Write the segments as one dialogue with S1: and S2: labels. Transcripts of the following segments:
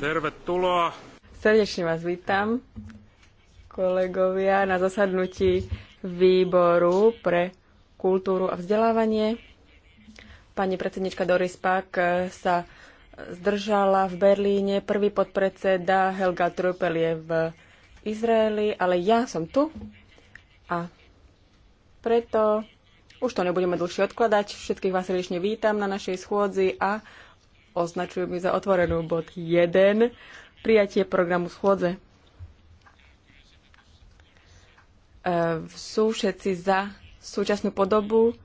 S1: Tervetuloa. Srdečne vás vítam, kolegovia, na zasadnutí výboru pre kultúru a vzdelávanie. Pani predsednička Doris Pak sa zdržala v Berlíne, prvý podpredseda Helga Trupel je v Izraeli, ale ja som tu a preto už to nebudeme dlhšie odkladať. Všetkých vás srdečne vítam na našej schôdzi a označujem za otvorenú bod 1, prijatie programu schôdze. E, sú všetci za súčasnú podobu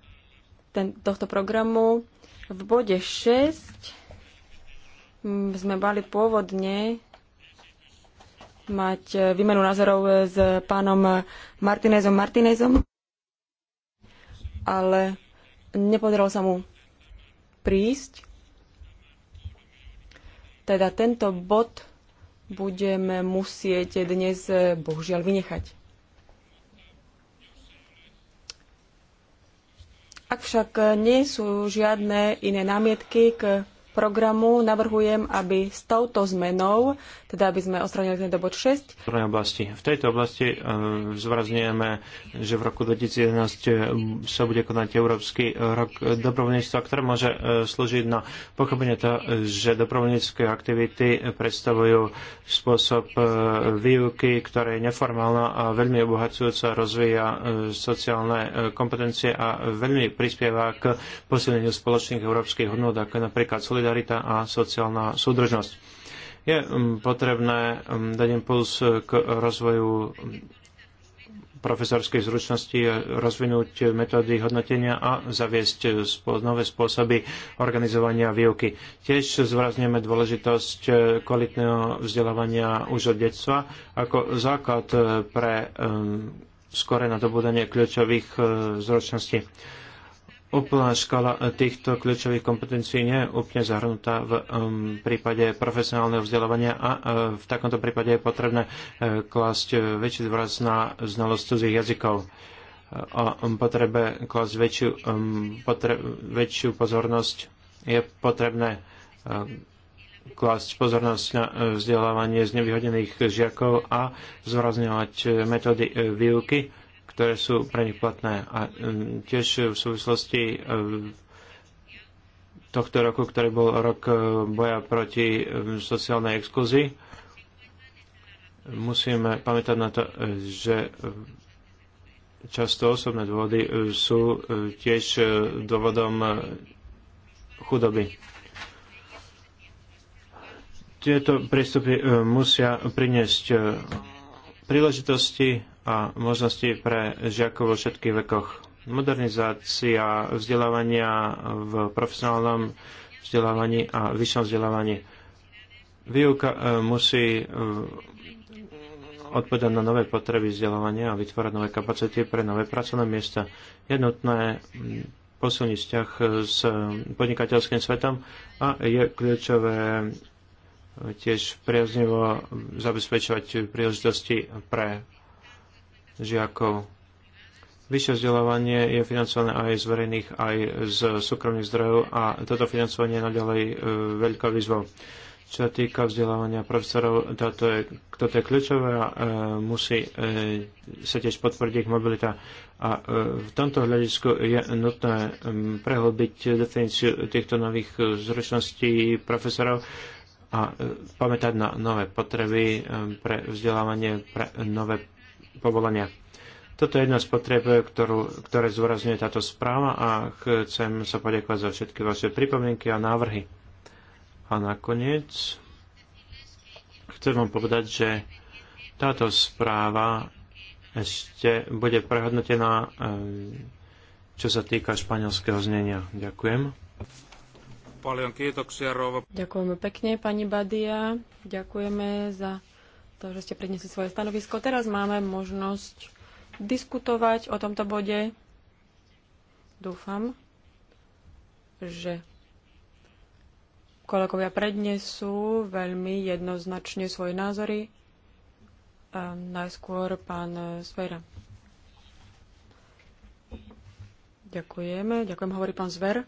S1: ten, tohto programu. V bode 6 sme mali pôvodne mať e, výmenu názorov s pánom Martinezom Martinezom, ale nepodarilo sa mu prísť. Teda tento bod budeme musieť dnes eh, bohužiaľ vynechať. Ak však eh, nie sú žiadne iné námietky k programu navrhujem, aby s touto zmenou, teda aby sme odstranili tento bod 6.
S2: Oblasti. V tejto oblasti e, zvrazňujeme, že v roku 2011 e, sa bude konať Európsky rok dobrovoľníctva, ktoré môže e, slúžiť na pochopenie to, že dobrovoľnícke aktivity predstavujú spôsob e, výuky, ktorá je neformálna a veľmi obohacujúca, rozvíja sociálne kompetencie a veľmi prispieva k posilneniu spoločných európskych hodnot, ako napríklad solidarita solidarita a sociálna súdržnosť. Je mm, potrebné mm, dať impuls k rozvoju mm, profesorskej zručnosti rozvinúť metódy hodnotenia a zaviesť e, nové spôsoby organizovania výuky. Tiež zvrazneme dôležitosť e, kvalitného vzdelávania už od detstva ako základ e, pre skore nadobudanie kľúčových zručností úplná škala eh, týchto kľúčových kompetencií nie je úplne zahrnutá v ehm, prípade profesionálneho vzdelávania a eh, v takomto prípade je potrebné eh, klásť väčší dôraz na znalosť cudzích jazykov a ehm, potrebe klásť väčšiu, ehm, potre, väčšiu pozornosť. Je potrebné klásť pozornosť na vzdelávanie z nevyhodených žiakov a zvrazňovať metódy výuky ktoré sú pre nich platné. A mm, tiež v súvislosti e, tohto roku, ktorý bol rok e, boja proti sociálnej exkluzii, musíme pamätať na to, e, že často osobné dôvody sú tiež dôvodom chudoby. Tieto prístupy musia priniesť príležitosti a možnosti pre žiakov vo všetkých vekoch. Modernizácia vzdelávania v profesionálnom vzdelávaní a vyššom vzdelávaní. Výuka e, musí e, odpovedať na nové potreby vzdelávania a vytvárať nové kapacity pre nové pracovné miesta. Je nutné mm, posilniť vzťah s podnikateľským svetom a je kľúčové e, tiež priaznivo zabezpečovať príležitosti pre žiakov. Vyššie vzdelávanie je financované aj z verejných, aj z súkromných zdrojov a toto financovanie je naďalej e, veľká výzva. Čo sa týka vzdelávania profesorov, toto je, toto je kľúčové a e, musí e, sa tiež potvrdiť ich mobilita. A e, v tomto hľadisku je nutné e, prehlbiť definíciu týchto nových e, zručností profesorov a e, pamätať na nové potreby e, pre vzdelávanie, pre nové povolania. Toto je jedna z potreb, ktorú, ktoré zúrazňuje táto správa a chcem sa poďakovať za všetky vaše pripomienky a návrhy. A nakoniec chcem vám povedať, že táto správa ešte bude prehodnotená, eh, čo sa týka španielského znenia. Ďakujem.
S1: Ďakujeme pekne, pani Badia. Ďakujeme za to, že ste prednesli svoje stanovisko. Teraz máme možnosť diskutovať o tomto bode. Dúfam, že kolegovia prednesú veľmi jednoznačne svoje názory. A najskôr pán Svera. Ďakujeme. Ďakujem, hovorí pán Zver.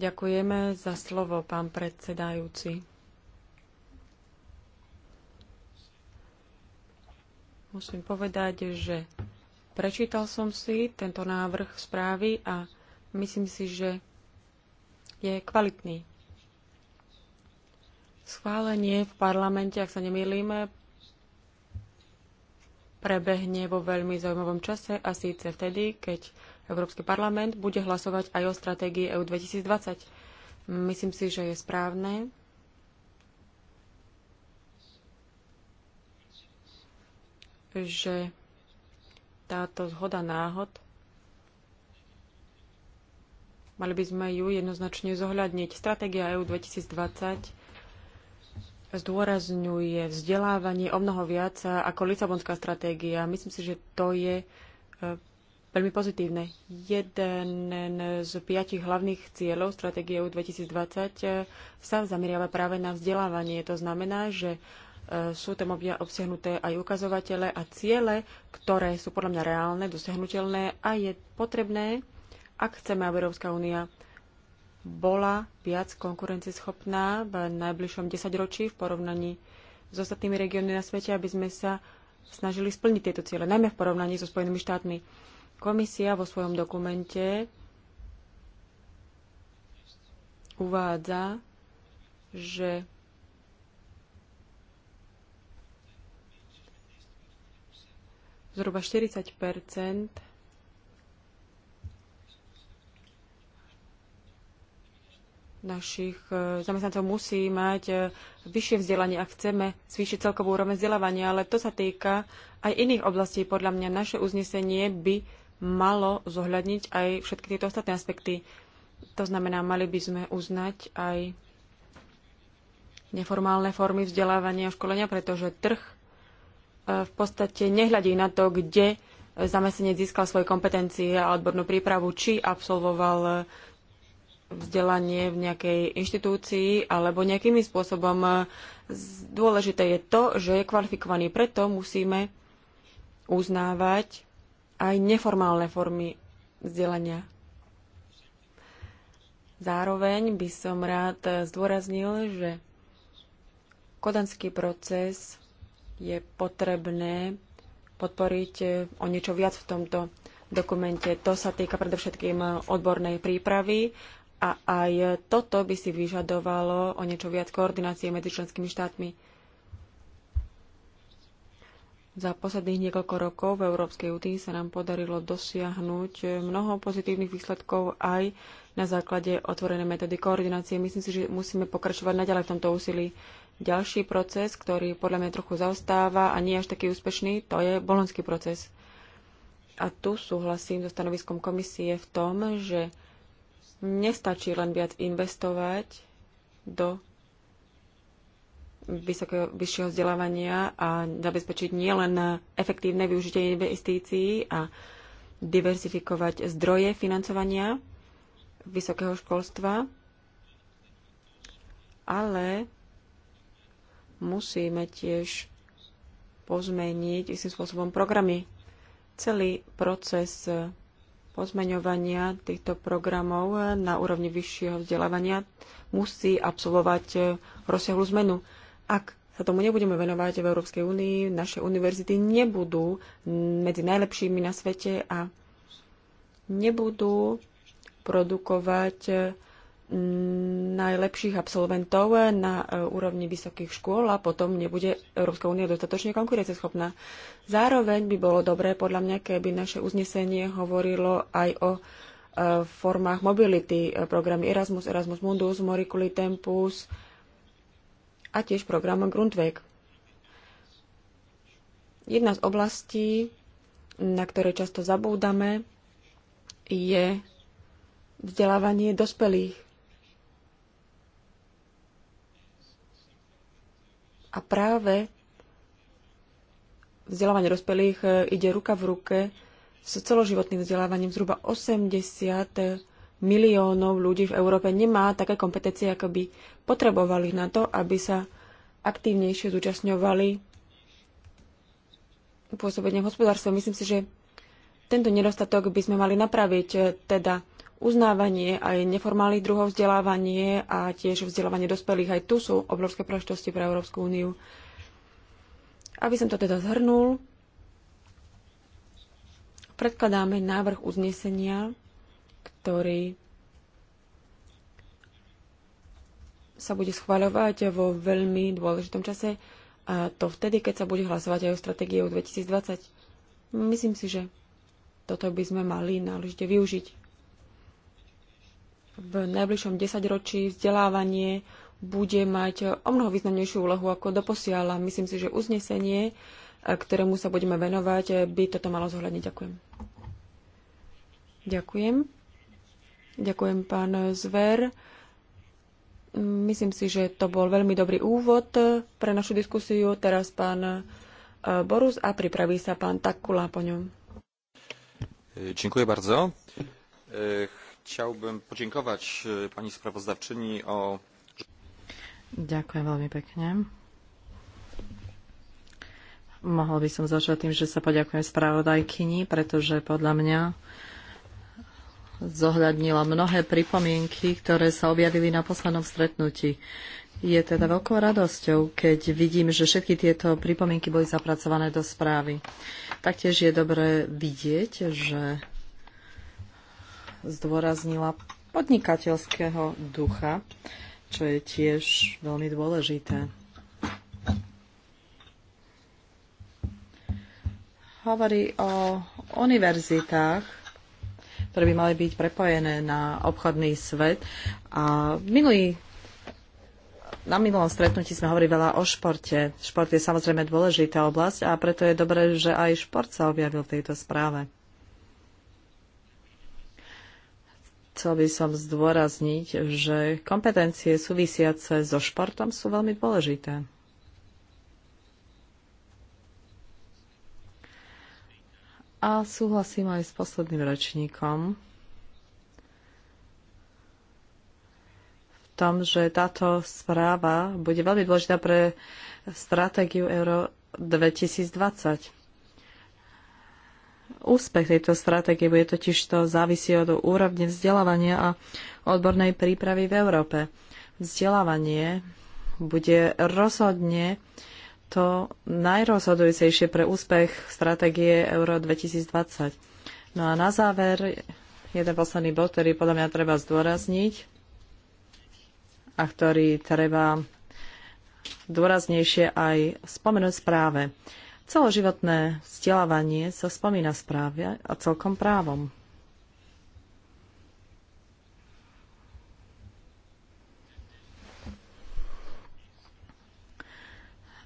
S1: Ďakujeme za slovo, pán predsedajúci. Musím povedať, že prečítal som si tento návrh správy a myslím si, že je kvalitný. Schválenie v parlamente, ak sa nemýlime, prebehne vo veľmi zaujímavom čase a síce vtedy, keď Európsky parlament bude hlasovať aj o stratégii EU 2020. Myslím si, že je správne, že táto zhoda náhod Mali by sme ju jednoznačne zohľadniť. Stratégia EU 2020 zdôrazňuje vzdelávanie o mnoho viac ako Lisabonská stratégia. Myslím si, že to je e, veľmi pozitívne. Jeden z piatich hlavných cieľov stratégie EU 2020 e, sa zameriava práve na vzdelávanie. To znamená, že sú tam obsiahnuté aj ukazovatele a ciele, ktoré sú podľa mňa reálne, dosiahnutelné a je potrebné, ak chceme, aby Európska únia bola viac konkurencieschopná v najbližšom desaťročí v porovnaní s ostatnými regiónmi na svete, aby sme sa snažili splniť tieto ciele, najmä v porovnaní so Spojenými štátmi. Komisia vo svojom dokumente uvádza, že zhruba 40 našich e, zamestnancov musí mať e, vyššie vzdelanie, ak chceme zvýšiť celkovú úroveň vzdelávania, ale to sa týka aj iných oblastí. Podľa mňa naše uznesenie by malo zohľadniť aj všetky tieto ostatné aspekty. To znamená, mali by sme uznať aj neformálne formy vzdelávania a školenia, pretože trh E, v podstate nehľadí na to, kde zamestnanec získal svoje kompetencie a odbornú prípravu, či absolvoval vzdelanie v nejakej inštitúcii alebo nejakým spôsobom. Dôležité je to, že je kvalifikovaný. Preto musíme uznávať aj neformálne formy vzdelania. Zároveň by som rád zdôraznil, že kodanský proces je potrebné podporiť eh, o niečo viac v tomto dokumente. To sa týka predovšetkým eh, odbornej prípravy a aj toto by si vyžadovalo o niečo viac koordinácie medzi členskými štátmi. Za posledných niekoľko rokov v Európskej únii sa nám podarilo dosiahnuť eh, mnoho pozitívnych výsledkov aj na základe otvorenej metódy koordinácie. Myslím si, že musíme pokračovať naďalej v tomto úsilí. Ďalší proces, ktorý podľa mňa trochu zaostáva a nie až taký úspešný, to je bolonský proces. A tu súhlasím so stanoviskom komisie v tom, že nestačí len viac investovať do vysokého, vyššieho vzdelávania a zabezpečiť nielen efektívne využitie investícií a diverzifikovať zdroje financovania vysokého školstva, ale musíme tiež pozmeniť istým spôsobom programy. Celý proces pozmeňovania týchto programov na úrovni vyššieho vzdelávania musí absolvovať rozsiahlu zmenu. Ak sa tomu nebudeme venovať v Európskej únii, naše univerzity nebudú medzi najlepšími na svete a nebudú produkovať najlepších absolventov na e, úrovni vysokých škôl a potom nebude Európska únia dostatočne konkurenceschopná. Zároveň by bolo dobré, podľa mňa, keby naše uznesenie hovorilo aj o e, formách mobility, e, programy Erasmus, Erasmus Mundus, Moriculi Tempus a tiež program Grundweg. Jedna z oblastí, na ktoré často zabúdame, je vzdelávanie dospelých A práve vzdelávanie dospelých e, ide ruka v ruke s celoživotným vzdelávaním. Zhruba 80 miliónov ľudí v Európe nemá také kompetencie, ako by potrebovali na to, aby sa aktívnejšie zúčastňovali pôsobenia v hospodárstve. Myslím si, že tento nedostatok by sme mali napraviť, e, teda uznávanie aj neformálnych druhov vzdelávanie a tiež vzdelávanie dospelých. Aj tu sú obrovské príležitosti pre Európsku úniu. Aby som to teda zhrnul, predkladáme návrh uznesenia, ktorý sa bude schváľovať vo veľmi dôležitom čase, a to vtedy, keď sa bude hlasovať aj o stratégiou 2020. Myslím si, že toto by sme mali náležite využiť v najbližšom desaťročí vzdelávanie bude mať o mnoho významnejšiu úlohu ako doposiaľ. Myslím si, že uznesenie, e, ktorému sa budeme venovať, e, by toto malo zohľadniť. Ďakujem. Ďakujem. Ďakujem, pán Zver. Myslím si, že to bol veľmi dobrý úvod e, pre našu diskusiu. Teraz pán Borus a pripraví sa pán Takula po ňom.
S3: Ďakujem bardzo.
S4: Chciałbym podziękować e, pani sprawozdawczyni o...
S3: Ďakujem veľmi pekne. Mohol by som začať tým, že sa poďakujem spravodajkyni, pretože podľa mňa zohľadnila mnohé pripomienky, ktoré sa objavili na poslednom stretnutí. Je teda veľkou radosťou, keď vidím, že všetky tieto pripomienky boli zapracované do správy. Taktiež je dobré vidieť, že zdôraznila podnikateľského ducha, čo je tiež veľmi dôležité. Hovorí o univerzitách, ktoré by mali byť prepojené na obchodný svet. A minulý na minulom stretnutí sme hovorili veľa o športe. Šport je samozrejme dôležitá oblasť a preto je dobré, že aj šport sa objavil v tejto správe. Chcel by som zdôrazniť, že kompetencie súvisiace so športom sú veľmi dôležité. A súhlasím aj s posledným ročníkom v tom, že táto správa bude veľmi dôležitá pre stratégiu Euro 2020 Úspech tejto stratégie bude totiž to závisí od úrovne vzdelávania a odbornej prípravy v Európe. Vzdelávanie bude rozhodne to najrozhodujúcejšie pre úspech stratégie Euro 2020. No a na záver jeden posledný bod, ktorý podľa mňa treba zdôrazniť a ktorý treba dôraznejšie aj spomenúť správe. Celoživotné vzdelávanie sa spomína správe a celkom právom.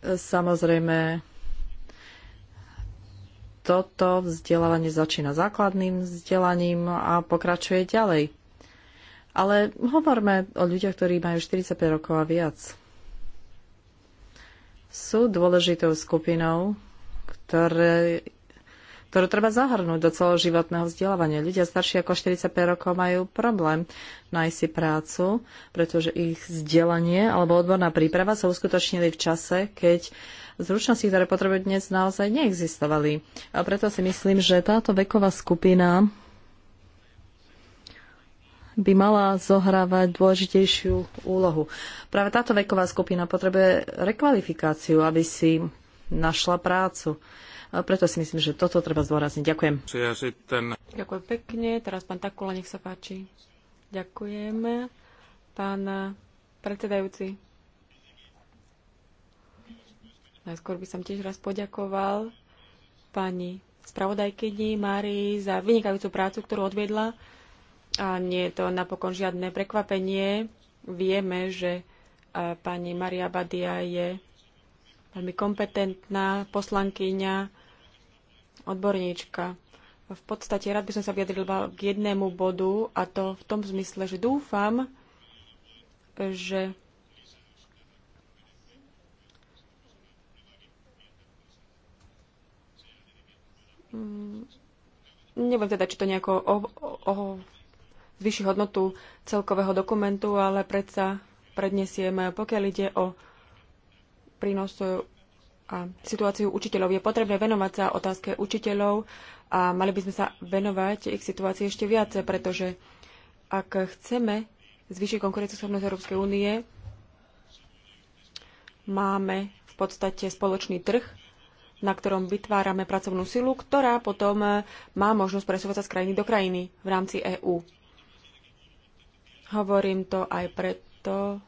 S3: Samozrejme, toto vzdelávanie začína základným vzdelaním a pokračuje ďalej. Ale hovorme o ľuďoch, ktorí majú 45 rokov a viac. Sú dôležitou skupinou ktoré, ktorú treba zahrnúť do celoživotného vzdelávania. Ľudia starší ako 45 rokov majú problém nájsť si prácu, pretože ich vzdelanie alebo odborná príprava sa uskutočnili v čase, keď zručnosti, ktoré potrebujú dnes, naozaj neexistovali. A preto si myslím, že táto veková skupina by mala zohrávať dôležitejšiu úlohu. Práve táto veková skupina potrebuje rekvalifikáciu, aby si našla prácu. A preto si myslím, že toto treba zdôrazniť. Ďakujem.
S1: Ďakujem pekne. Teraz pán Takula, nech sa páči. Ďakujem. Pán predsedajúci. Najskôr by som tiež raz poďakoval pani spravodajkyni Márii za vynikajúcu prácu, ktorú odviedla. A nie je to napokon žiadne prekvapenie. Vieme, že pani Maria Badia je veľmi kompetentná poslankyňa, odborníčka. V podstate rád by som sa vyjadrila k jednému bodu a to v tom zmysle, že dúfam, že mm, neviem teda, či to nejako o, o, o, zvyši hodnotu celkového dokumentu, ale predsa prednesieme, pokiaľ ide o prínos e, a situáciu učiteľov. Je potrebné venovať sa otázke učiteľov a mali by sme sa venovať ich situácii ešte viac, pretože ak chceme zvýšiť konkurenceschopnosť Európskej únie, máme v podstate spoločný trh, na ktorom vytvárame pracovnú silu, ktorá potom e, má možnosť presúvať sa z krajiny do krajiny v rámci EÚ. Hovorím to aj preto,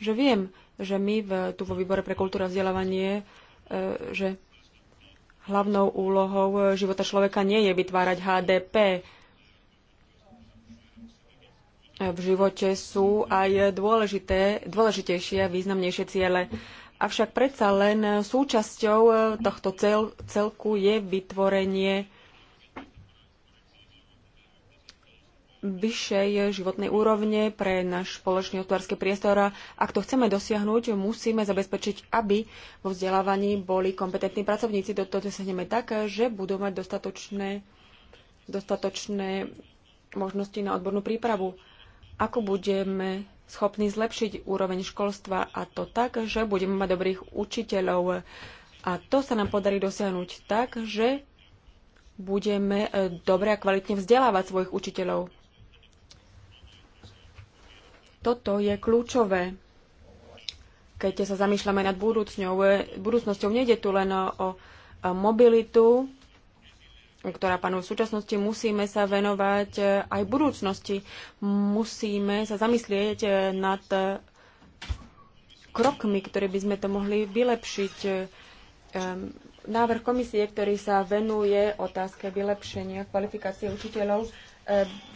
S1: že viem, že my v, tu vo výbore pre kultúru a vzdelávanie, e, že hlavnou úlohou života človeka nie je vytvárať HDP. V živote sú aj dôležité, dôležitejšie a významnejšie ciele. Avšak predsa len súčasťou e, tohto cel, celku je vytvorenie vyššej životnej úrovne pre náš spoločný hospodársky priestor. A ak to chceme dosiahnuť, musíme zabezpečiť, aby vo vzdelávaní boli kompetentní pracovníci. Toto dosiahneme tak, že budú mať dostatočné, dostatočné možnosti na odbornú prípravu. Ako budeme schopní zlepšiť úroveň školstva a to tak, že budeme mať dobrých učiteľov. A to sa nám podarí dosiahnuť tak, že budeme eh, dobre a kvalitne vzdelávať svojich učiteľov. Toto je kľúčové, keď sa zamýšľame nad budúcňou. E, budúcnosťou. Nejde tu len o mobilitu, ktorá panuje v súčasnosti, musíme sa venovať e, aj budúcnosti. Musíme sa zamyslieť e, nad krokmi, ktoré by sme to mohli vylepšiť. Návrh komisie, ktorý sa venuje otázke vylepšenia kvalifikácie učiteľov,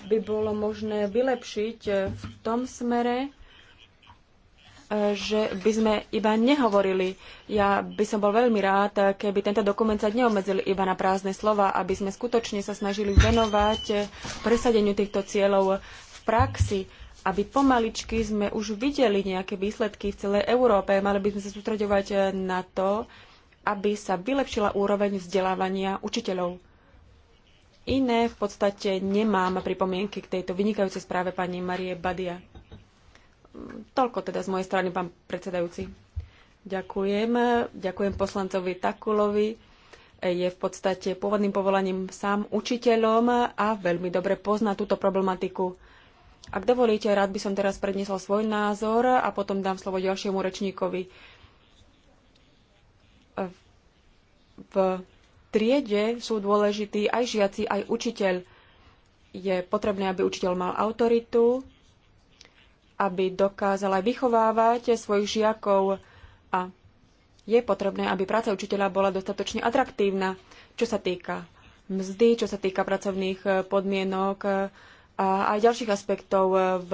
S1: by bolo možné vylepšiť e, v tom smere, e, že by sme iba nehovorili. Ja by som bol veľmi rád, keby tento dokument sa neobmedzil iba na prázdne slova, aby sme skutočne sa snažili venovať e, presadeniu týchto cieľov v praxi, aby pomaličky sme už videli nejaké výsledky v celej Európe. Mali by sme sa sústredovať na to, aby sa vylepšila úroveň vzdelávania učiteľov iné v podstate nemám pripomienky k tejto vynikajúcej správe pani Marie Badia. Toľko teda z mojej strany, pán predsedajúci. Ďakujem. Ďakujem poslancovi Takulovi. Je v podstate pôvodným povolaním sám učiteľom a veľmi dobre pozná túto problematiku. Ak dovolíte, rád by som teraz predniesol svoj názor a potom dám slovo ďalšiemu rečníkovi. V triede sú dôležití aj žiaci, aj učiteľ. Je potrebné, aby učiteľ mal autoritu, aby dokázal aj vychovávať svojich žiakov a je potrebné, aby práca učiteľa bola dostatočne atraktívna, čo sa týka mzdy, čo sa týka pracovných eh, podmienok eh, a aj ďalších aspektov eh, v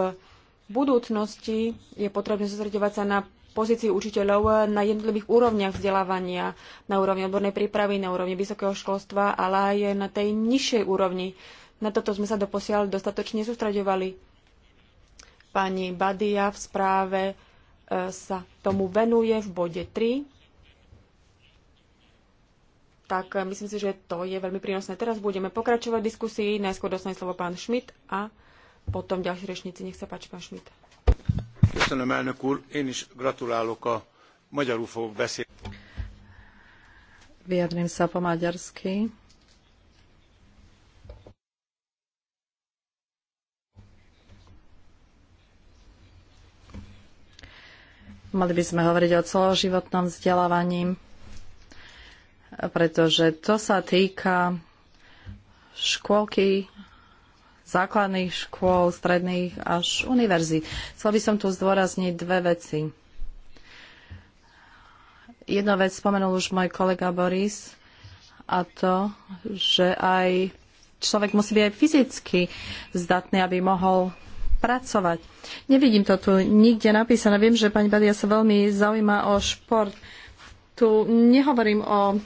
S1: budúcnosti. Je potrebné sústredovať sa na pozícií učiteľov na jednotlivých úrovniach vzdelávania, na úrovni odbornej prípravy, na úrovni vysokého školstva, ale aj na tej nižšej úrovni. Na toto sme sa doposiaľ dostatočne sústraďovali. Pani Badia v správe e, sa tomu venuje v bode 3 tak e, myslím si, že to je veľmi prínosné. Teraz budeme pokračovať v diskusii. Najskôr dostane slovo pán Šmit a potom ďalší rečníci. Nech sa páči, pán Šmit.
S2: Köszönöm, elnök úr. Én is gratulálok a magyarul fogok beszélni.
S3: Vyjadrím sa po maďarsky. Mali by sme hovoriť o celoživotnom vzdelávaní, pretože to sa týka škôlky základných škôl, stredných až univerzí. Chcel by som tu zdôrazniť dve veci. Jedna vec spomenul už môj kolega Boris a to, že aj človek musí byť aj fyzicky zdatný, aby mohol pracovať. Nevidím to tu nikde napísané. Viem, že pani Badia sa veľmi zaujíma o šport. Tu nehovorím o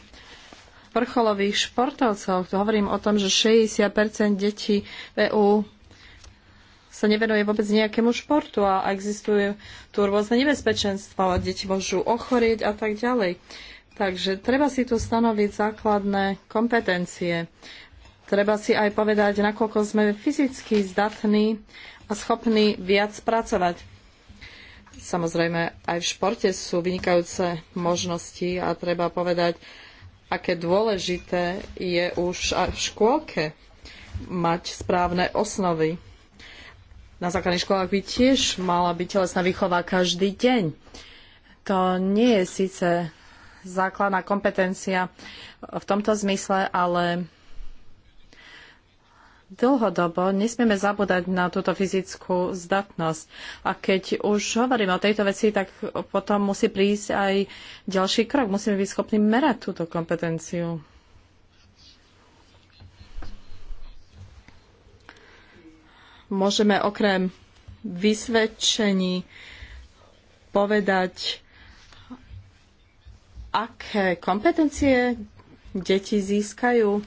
S3: vrcholových športovcov. Hovorím o tom, že 60 detí v EÚ sa nevenuje vôbec nejakému športu a existujú tu rôzne nebezpečenstva, deti môžu ochorieť a tak ďalej. Takže treba si tu stanoviť základné kompetencie. Treba si aj povedať, nakoľko sme fyzicky zdatní a schopní viac pracovať. Samozrejme, aj v športe sú vynikajúce možnosti a treba povedať, aké dôležité je už aj v škôlke mať správne osnovy. Na základných školách by tiež mala byť telesná výchova každý deň. To nie je síce základná kompetencia v tomto zmysle, ale dlhodobo nesmieme zabúdať na túto fyzickú zdatnosť. A keď už hovoríme o tejto veci, tak potom musí prísť aj ďalší krok. Musíme byť schopní merať túto kompetenciu. Môžeme okrem vysvedčení povedať, aké kompetencie deti získajú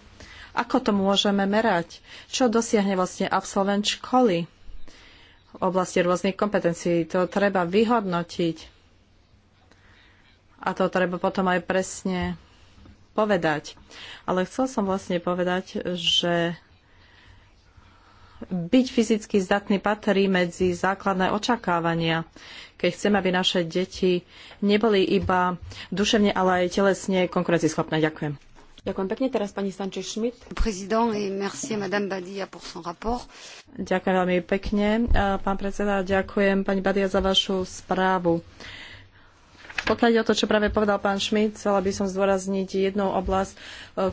S3: ako to môžeme merať? Čo dosiahne vlastne absolvent školy v oblasti rôznych kompetencií? To treba vyhodnotiť. A to treba potom aj presne povedať. Ale chcel som vlastne povedať, že byť fyzicky zdatný patrí medzi základné očakávania. Keď chceme, aby naše deti neboli iba duševne, ale aj telesne konkurencieschopné. Ďakujem.
S1: Ďakujem pekne. Teraz pani Sanchez Schmidt. Prezident et merci madame Badia pour son rapport.
S3: Ďakujem veľmi pekne. Pán predseda, ďakujem pani Badia za vašu správu. Pokiaľ ide o to, čo práve povedal pán Šmit, chcela by som zdôrazniť jednu oblasť, e,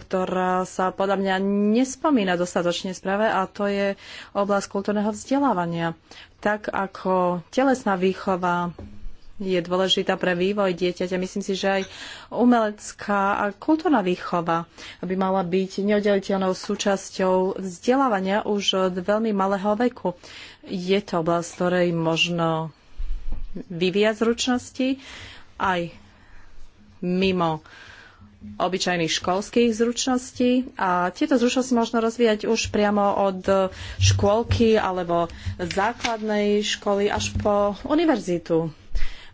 S3: ktorá sa podľa mňa nespomína dostatočne správe a to je oblasť kultúrneho vzdelávania. Tak ako telesná výchova, je dôležitá pre vývoj dieťaťa. Myslím si, že aj umelecká a kultúrna výchova by mala byť neoddeliteľnou súčasťou vzdelávania už od veľmi malého veku. Je to oblasť, ktorej možno vyvíjať zručnosti aj mimo obyčajných školských zručností a tieto zručnosti možno rozvíjať už priamo od škôlky alebo základnej školy až po univerzitu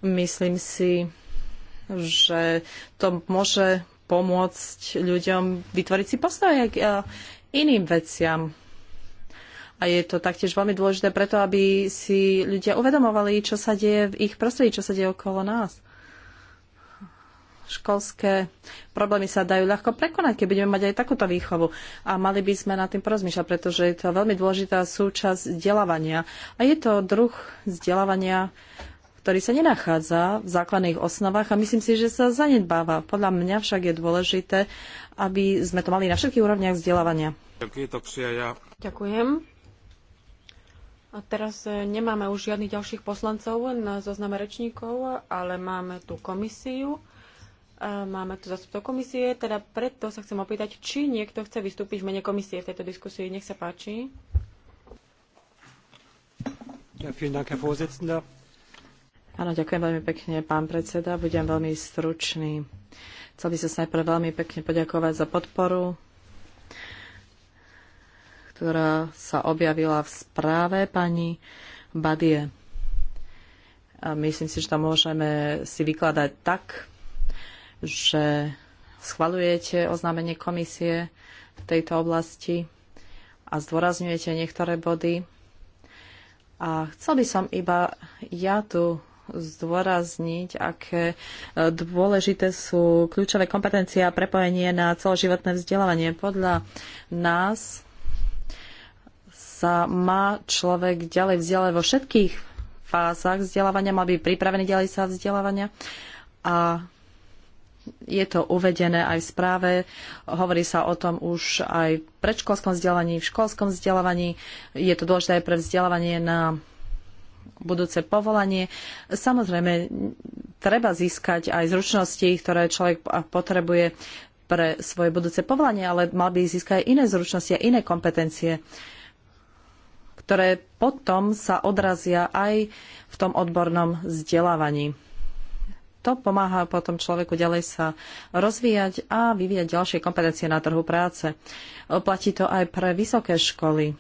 S3: Myslím si, že to môže pomôcť ľuďom vytvoriť si postoj k eh, iným veciam. A je to taktiež veľmi dôležité preto, aby si ľudia uvedomovali, čo sa deje v ich prostredí, čo sa deje okolo nás. Školské problémy sa dajú ľahko prekonať, keď budeme mať aj takúto výchovu. A mali by sme nad tým porozmýšľať, pretože je to veľmi dôležitá súčasť vzdelávania. A je to druh vzdelávania, ktorý sa nenachádza v základných osnovách a myslím si, že sa zanedbáva. Podľa mňa však je dôležité, aby sme to mali na všetkých úrovniach vzdelávania.
S1: Ďakujem. A teraz e, nemáme už žiadnych ďalších poslancov na zozname rečníkov, ale máme tu komisiu. E, máme tu zastupcov komisie, teda preto sa chcem opýtať, či niekto chce vystúpiť v mene komisie v tejto diskusii. Nech sa páči. Ja, vielen Dank, Herr Vorsitzender.
S3: Áno, ďakujem veľmi pekne, pán predseda. Budem veľmi stručný. Chcel by som sa najprv veľmi pekne poďakovať za podporu, ktorá sa objavila v správe pani Badie. A myslím si, že to môžeme si vykladať tak, že schvalujete oznámenie komisie v tejto oblasti a zdôrazňujete niektoré body. A chcel by som iba ja tu zdôrazniť, aké e, dôležité sú kľúčové kompetencie a prepojenie na celoživotné vzdelávanie. Podľa nás sa má človek ďalej vzdelávať vo všetkých fázach vzdelávania, mal byť pripravený ďalej sa vzdelávania a je to uvedené aj v správe, hovorí sa o tom už aj v predškolskom vzdelávaní, v školskom vzdelávaní, je to dôležité aj pre vzdelávanie na budúce povolanie. Samozrejme, treba získať aj zručnosti, ktoré človek potrebuje pre svoje budúce povolanie, ale mal by získať aj iné zručnosti a iné kompetencie, ktoré potom sa odrazia aj v tom odbornom vzdelávaní. To pomáha potom človeku ďalej sa rozvíjať a vyvíjať ďalšie kompetencie na trhu práce. Platí to aj pre vysoké školy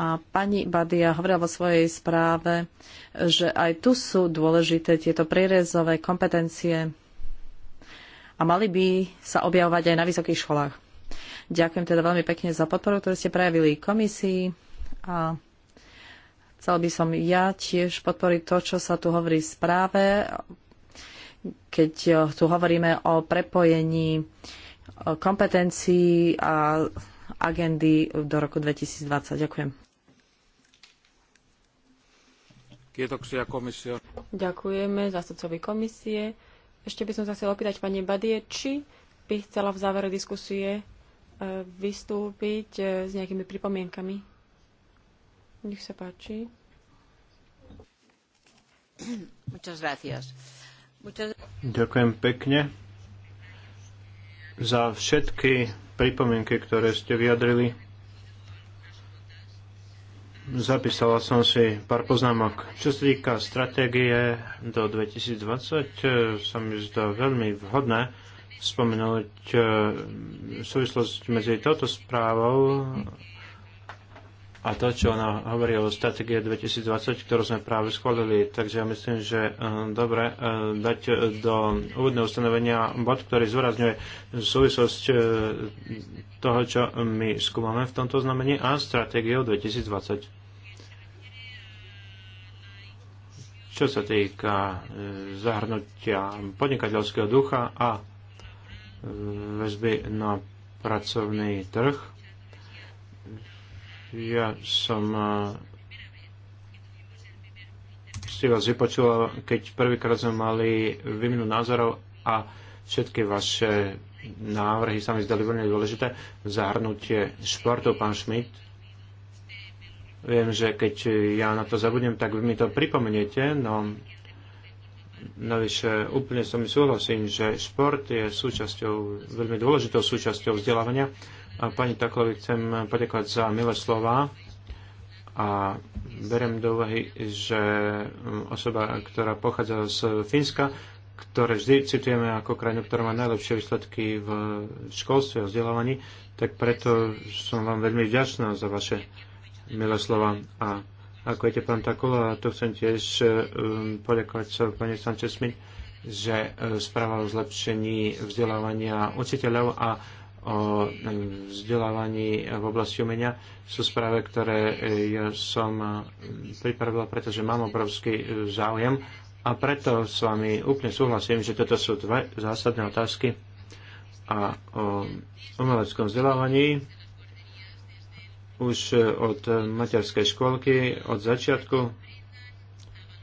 S3: a pani Badia hovorila vo svojej správe, že aj tu sú dôležité tieto prierezové kompetencie a mali by sa objavovať aj na vysokých školách. Ďakujem teda veľmi pekne za podporu, ktorú ste prejavili komisii a chcel by som ja tiež podporiť to, čo sa tu hovorí v správe, keď tu hovoríme o prepojení kompetencií a agendy do roku 2020. Ďakujem.
S4: Kiitoksia
S1: Ďakujeme zastupcovi komisie. Ešte by som sa chcela opýtať pani Badie, či by chcela v závere diskusie e, vystúpiť e, s nejakými pripomienkami. Nech sa páči.
S2: Ďakujem pekne za všetky pripomienky, ktoré ste vyjadrili. Zapísala som si pár poznámok. Čo sa týka stratégie do 2020, e, sa mi zdá veľmi vhodné spomenúť e, súvislosť medzi touto správou a to, čo ona hovorí o stratégie 2020, ktorú sme práve schválili. Takže ja myslím, že e, dobre dať do úvodného ustanovenia bod, ktorý zúrazňuje súvislosť toho, čo my skúmame v tomto znamení a stratégiou 2020. čo sa týka e, zahrnutia podnikateľského ducha a e, väzby na pracovný trh. Ja som e, si vás vypočul, keď prvýkrát sme mali výmenu názorov a všetky vaše návrhy sa mi zdali veľmi dôležité. Zahrnutie športu, pán Šmit, Viem, že keď ja na to zabudnem, tak vy mi to pripomeniete, no navyše úplne som súhlasím, že šport je súčasťou, veľmi dôležitou súčasťou vzdelávania. A pani Taklovi chcem poďakovať za milé slova a berem do úvahy, že osoba, ktorá pochádza z Fínska, ktoré vždy citujeme ako krajinu, ktorá má najlepšie výsledky v školstve a vzdelávaní, tak preto som vám veľmi vďačná za vaše Miloslava. A ako je pán Takula, a tu chcem tiež eh, um, poďakovať sa pani Sanchez Smith, že eh, správa o zlepšení vzdelávania učiteľov a o eh, vzdelávaní v oblasti umenia sú správe, ktoré ja som pripravila, pretože mám obrovský záujem a preto s vami úplne súhlasím, že toto sú dve zásadné otázky a o umeleckom vzdelávaní už eh, od materskej školky od začiatku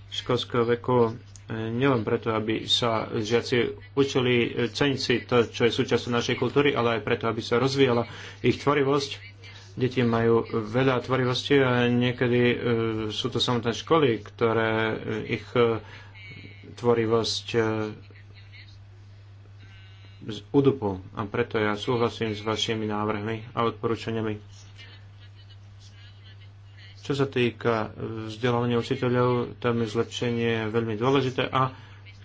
S2: školského veku, eh, nielen preto, aby sa žiaci učili eh, ceniť si to, čo je súčasťou našej kultúry, ale aj preto, aby sa rozvíjala ich tvorivosť. Deti majú veľa tvorivosti a niekedy sú to samotné školy, ktoré ich tvorivosť z udupu. A preto ja súhlasím s vašimi návrhmi a odporúčaniami. Čo sa týka e, vzdelávania učiteľov, tam je zlepšenie veľmi dôležité a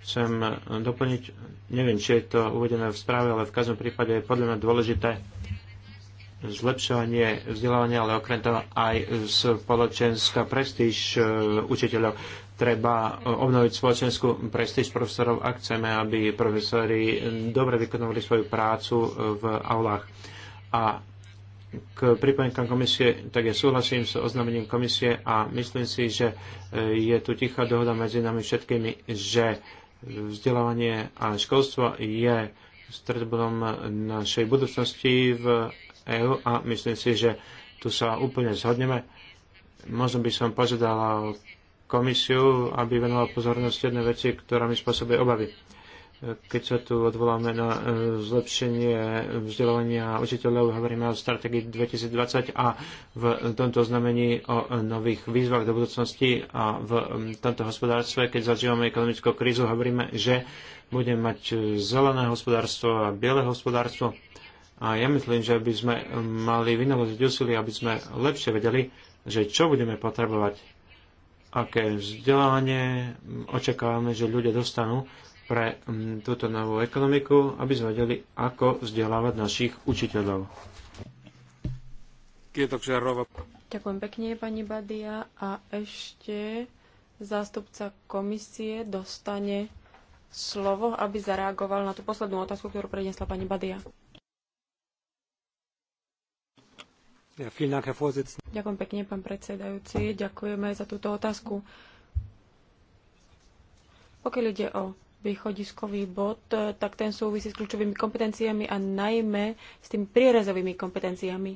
S2: chcem doplniť, neviem, či je to uvedené v správe, ale v každom prípade je podľa mňa dôležité zlepšovanie vzdelávania, ale okrem toho aj spoločenská prestíž e, učiteľov. Treba obnoviť spoločenskú prestíž profesorov, ak chceme, aby profesori dobre vykonovali svoju prácu e, v aulách. A k pripomienkám komisie, tak ja súhlasím s oznámením komisie a myslím si, že e, je tu tichá dohoda medzi nami všetkými, že vzdelávanie a školstvo je stredbodom našej budúcnosti v EÚ a myslím si, že tu sa úplne zhodneme. Možno by som požiadala komisiu, aby venovala pozornosť jednej veci, ktorá mi spôsobuje obavy keď sa tu odvoláme na e, zlepšenie vzdelávania učiteľov, hovoríme o strategii 2020 a v tomto znamení o nových výzvach do budúcnosti a v tomto hospodárstve, keď zažívame ekonomickú krízu, hovoríme, že budeme mať zelené hospodárstvo a biele hospodárstvo. A ja myslím, že by sme mali vynaložiť úsilie, aby sme lepšie vedeli, že čo budeme potrebovať, aké vzdelávanie očakávame, že ľudia dostanú pre mm, túto novú ekonomiku, aby sme vedeli, ako vzdelávať našich učiteľov.
S1: Ďakujem pekne, pani Badia. A ešte zástupca komisie dostane slovo, aby zareagoval na tú poslednú otázku, ktorú prednesla pani Badia.
S4: Ďakujem
S1: pekne, pán predsedajúci. Ďakujeme za túto otázku. Pokiaľ ide o východiskový bod, e, tak ten súvisí s kľúčovými kompetenciami a najmä s tými prierezovými kompetenciami.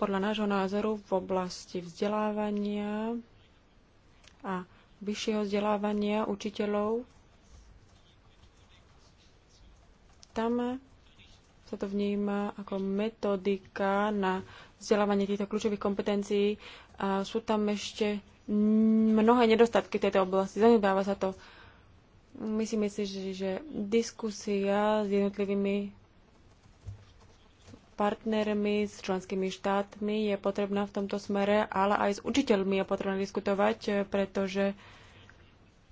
S1: Podľa nášho názoru v oblasti vzdelávania a vyššieho vzdelávania učiteľov tam sa to vníma ako metodika na vzdelávanie týchto kľúčových kompetencií a sú tam ešte mnohé nedostatky v tejto oblasti. Zanedbáva sa to my si že, že diskusia s jednotlivými partnermi, s členskými štátmi je potrebná v tomto smere, ale aj s učiteľmi je potrebné diskutovať, pretože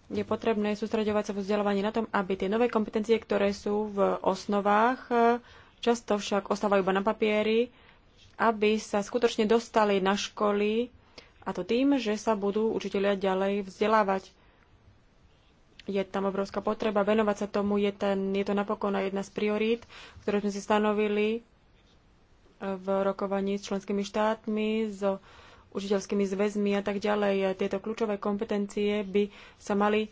S1: je potrebné sústredovať sa v vzdelávaní na tom, aby tie nové kompetencie, ktoré sú v osnovách, často však ostávajú iba na papieri, aby sa skutočne dostali na školy, a to tým, že sa budú učiteľia ďalej vzdelávať je tam obrovská potreba venovať sa tomu. Je, ten, je to napokon jedna z priorít, ktoré sme si stanovili eh, v rokovaní s členskými štátmi, s učiteľskými zväzmi a tak ďalej. Tieto kľúčové kompetencie by sa mali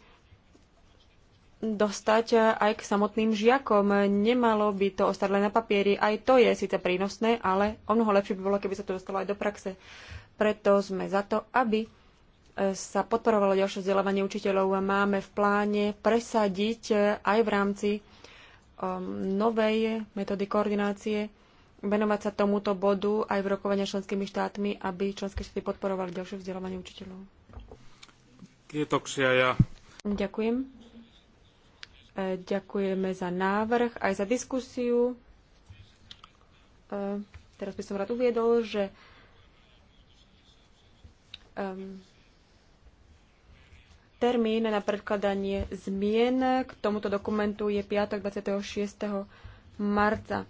S1: dostať aj k samotným žiakom. Nemalo by to ostať len na papieri. Aj to je síce prínosné, ale o mnoho lepšie by bolo, keby sa to dostalo aj do praxe. Preto sme za to, aby sa podporovalo ďalšie vzdelávanie učiteľov a máme v pláne presadiť eh, aj v rámci um, novej metódy koordinácie, venovať sa tomuto bodu aj v rokovania členskými štátmi, aby členské štáty podporovali ďalšie vzdelávanie učiteľov.
S4: Kietoksia ja.
S1: Ďakujem. Eh, ďakujeme za návrh aj za diskusiu. Eh, teraz by som rád uviedol, že um, Termín na predkladanie zmien k tomuto dokumentu je piatok 26. marca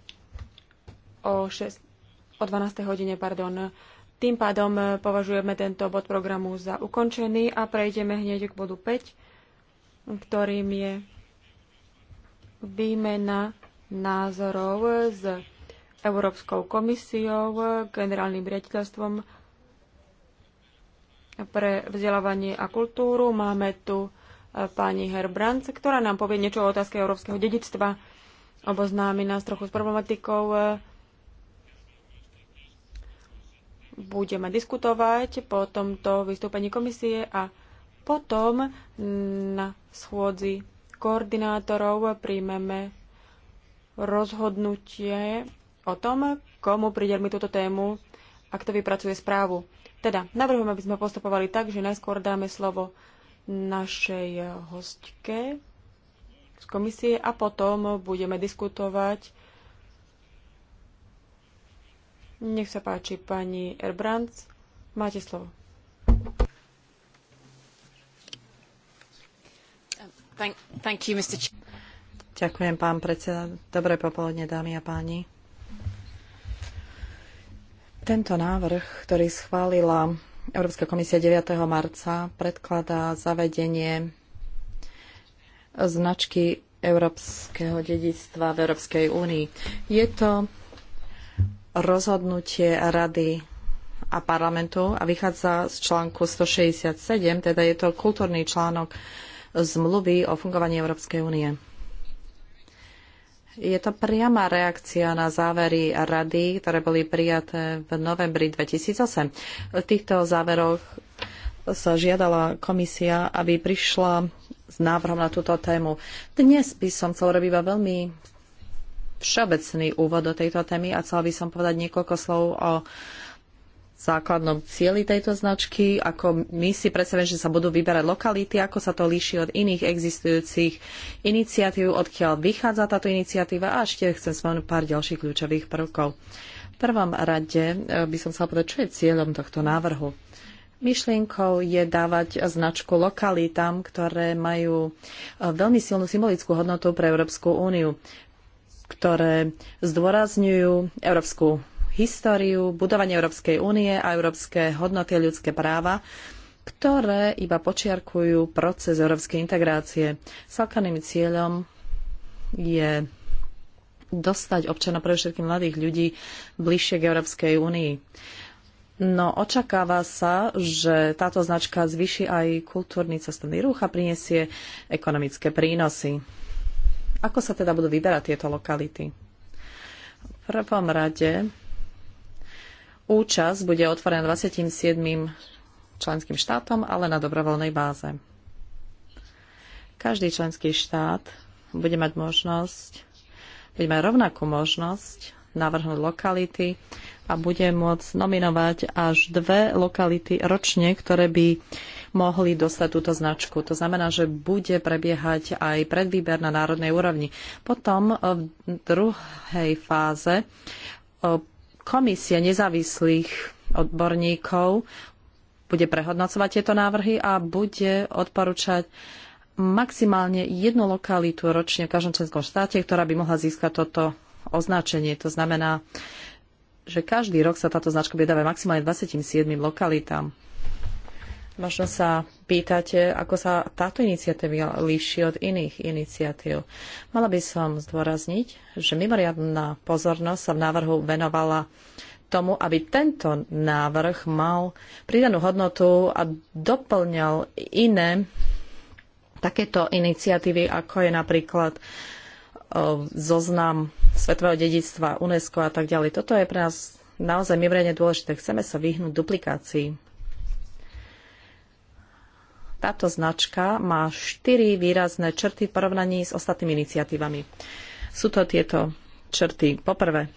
S1: o, 6, o 12. hodine. Pardon. Tým pádom považujeme tento bod programu za ukončený a prejdeme hneď k bodu 5, ktorým je výmena názorov s Európskou komisiou, generálnym riaditeľstvom pre vzdelávanie a kultúru. Máme tu e, pani Herbrand, ktorá nám povie niečo o otázke európskeho dedičstva. Oboznámi nás trochu s problematikou. E, budeme diskutovať po tomto vystúpení komisie a potom na schôdzi koordinátorov príjmeme rozhodnutie o tom, komu pridelme túto tému a kto vypracuje správu. Teda, navrhujem, aby sme postupovali tak, že najskôr dáme slovo našej hostke z komisie a potom budeme diskutovať. Nech sa páči, pani Erbrandt, máte slovo. Thank, thank you,
S3: Ďakujem, pán predseda. Dobré popoludne, dámy a páni. Tento návrh, ktorý schválila Európska komisia 9. marca, predkladá zavedenie značky európskeho dedictva v Európskej únii. Je to rozhodnutie Rady a parlamentu a vychádza z článku 167, teda je to kultúrny článok zmluvy o fungovaní Európskej únie. Je to priama reakcia na závery rady, ktoré boli prijaté v novembri 2008. V týchto záveroch sa žiadala komisia, aby prišla s návrhom na túto tému. Dnes by som chcel robiť iba veľmi všeobecný úvod do tejto témy a chcela by som povedať niekoľko slov o základnom cieli tejto značky, ako my si predstavujem, že sa budú vyberať lokality, ako sa to líši od iných existujúcich iniciatív, odkiaľ vychádza táto iniciatíva a ešte chcem spomenúť pár ďalších kľúčových prvkov. V prvom rade eh, by som sa povedať, čo je cieľom tohto návrhu. Myšlienkou je dávať značku lokalitám, ktoré majú eh, veľmi silnú symbolickú hodnotu pre Európsku úniu, ktoré zdôrazňujú európsku históriu, budovanie Európskej únie a európske hodnoty a ľudské práva, ktoré iba počiarkujú proces európskej integrácie. Salkaným cieľom je dostať občanov, pre všetkých mladých ľudí, bližšie k Európskej únii. No očakáva sa, že táto značka zvyši aj kultúrny cestovný ruch a prinesie ekonomické prínosy. Ako sa teda budú vyberať tieto lokality? V prvom rade účasť bude otvorená 27 členským štátom, ale na dobrovoľnej báze. Každý členský štát bude mať možnosť, bude mať rovnakú možnosť navrhnúť lokality a bude môcť nominovať až dve lokality ročne, ktoré by mohli dostať túto značku. To znamená, že bude prebiehať aj predvýber na národnej úrovni. Potom v druhej fáze Komisia nezávislých odborníkov bude prehodnocovať tieto návrhy a bude odporúčať maximálne jednu lokalitu ročne v každom členskom štáte, ktorá by mohla získať toto označenie. To znamená, že každý rok sa táto značka bude dávať maximálne 27 lokalitám. Možno sa pýtate, ako sa táto iniciatíva líši od iných iniciatív. Mala by som zdôrazniť, že mimoriadná pozornosť sa v návrhu venovala tomu, aby tento návrh mal pridanú hodnotu a doplňal iné takéto iniciatívy, ako je napríklad e, zoznam svetového dedictva UNESCO a tak ďalej. Toto je pre nás naozaj mimoriadne dôležité. Chceme sa vyhnúť duplikácii táto značka má štyri výrazné črty v porovnaní s ostatnými iniciatívami. Sú to tieto črty. Poprvé,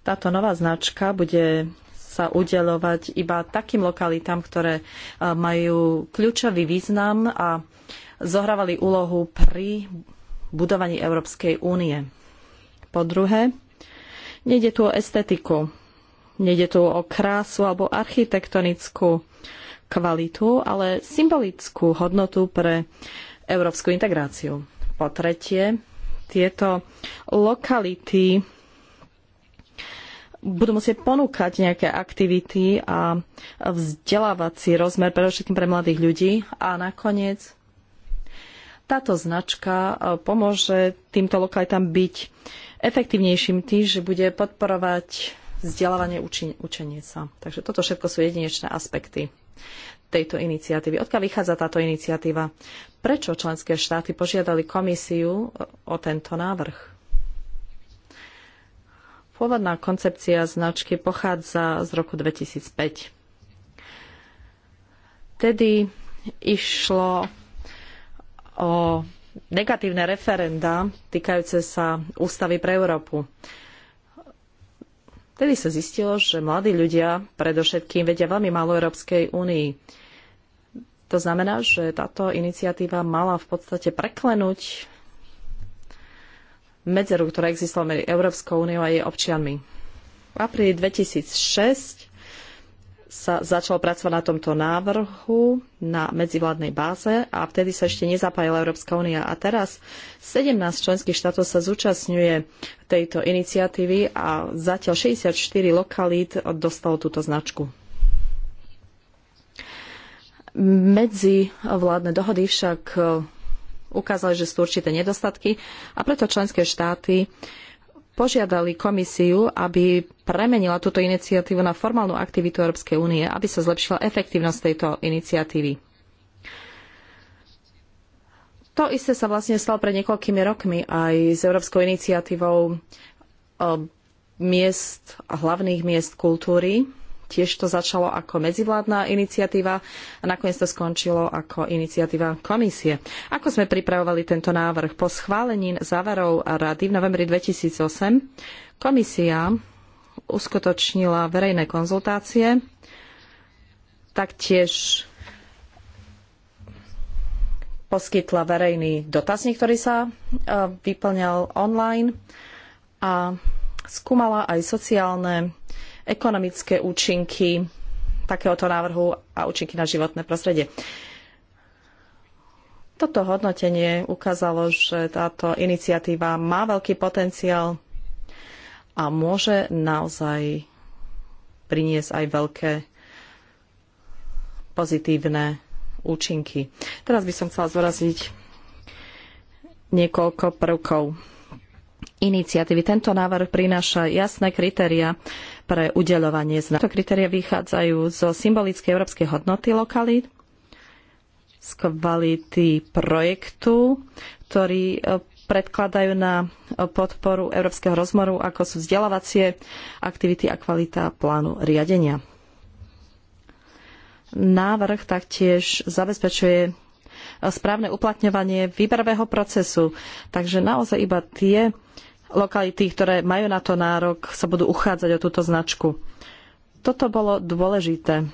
S3: táto nová značka bude sa udelovať iba takým lokalitám, ktoré e, majú kľúčový význam a zohrávali úlohu pri budovaní Európskej únie. Po druhé, nejde tu o estetiku, nejde tu o krásu alebo architektonickú kvalitu, ale symbolickú hodnotu pre európsku integráciu. Po tretie, tieto lokality budú musieť ponúkať nejaké aktivity a vzdelávací rozmer všetkým pre mladých ľudí. A nakoniec táto značka e, pomôže týmto lokalitám byť efektívnejším tým, že bude podporovať vzdelávanie učenie sa. Takže toto všetko sú jedinečné aspekty tejto iniciatívy. Odkiaľ vychádza táto iniciatíva? Prečo členské štáty požiadali komisiu o tento návrh? Pôvodná koncepcia značky pochádza z roku 2005. Tedy išlo o negatívne referenda týkajúce sa Ústavy pre Európu. Vtedy sa zistilo, že mladí ľudia predovšetkým vedia veľmi málo Európskej únii. To znamená, že táto iniciatíva mala v podstate preklenúť medzeru, ktorá existovala medzi Európskou úniou a jej občianmi. V apríli 2006 sa začalo pracovať na tomto návrhu na medzivládnej báze a vtedy sa ešte nezapájala Európska únia. A teraz 17 členských štátov sa zúčastňuje tejto iniciatívy a zatiaľ 64 lokalít dostalo túto značku. Medzivládne dohody však ukázali, že sú určité nedostatky a preto členské štáty požiadali komisiu, aby premenila túto iniciatívu na formálnu aktivitu Európskej únie, aby sa zlepšila efektívnosť tejto iniciatívy. To isté sa vlastne stalo pred niekoľkými rokmi aj s Európskou iniciatívou eh, miest hlavných miest kultúry. Tiež to začalo ako medzivládna iniciatíva a nakoniec to skončilo ako iniciatíva komisie. Ako sme pripravovali tento návrh? Po schválení záverov rady v novembri 2008 komisia uskutočnila verejné konzultácie, taktiež poskytla verejný dotazník, ktorý sa e, vyplňal online a skúmala aj sociálne ekonomické účinky takéhoto návrhu a účinky na životné prostredie. Toto hodnotenie ukázalo, že táto iniciatíva má veľký potenciál a môže naozaj priniesť aj veľké pozitívne účinky. Teraz by som chcela zvoraziť niekoľko prvkov iniciatívy. Tento návrh prináša jasné kritéria pre udeľovanie znaku. Tieto kritéria vychádzajú zo symbolickej európskej hodnoty lokalít, z kvality projektu, ktorý e, predkladajú na e, podporu európskeho rozmoru, ako sú vzdelávacie aktivity a kvalita plánu riadenia. Návrh taktiež zabezpečuje e, správne uplatňovanie výberového procesu. Takže naozaj iba tie lokality, ktoré majú na to nárok, sa budú uchádzať o túto značku. Toto bolo dôležité,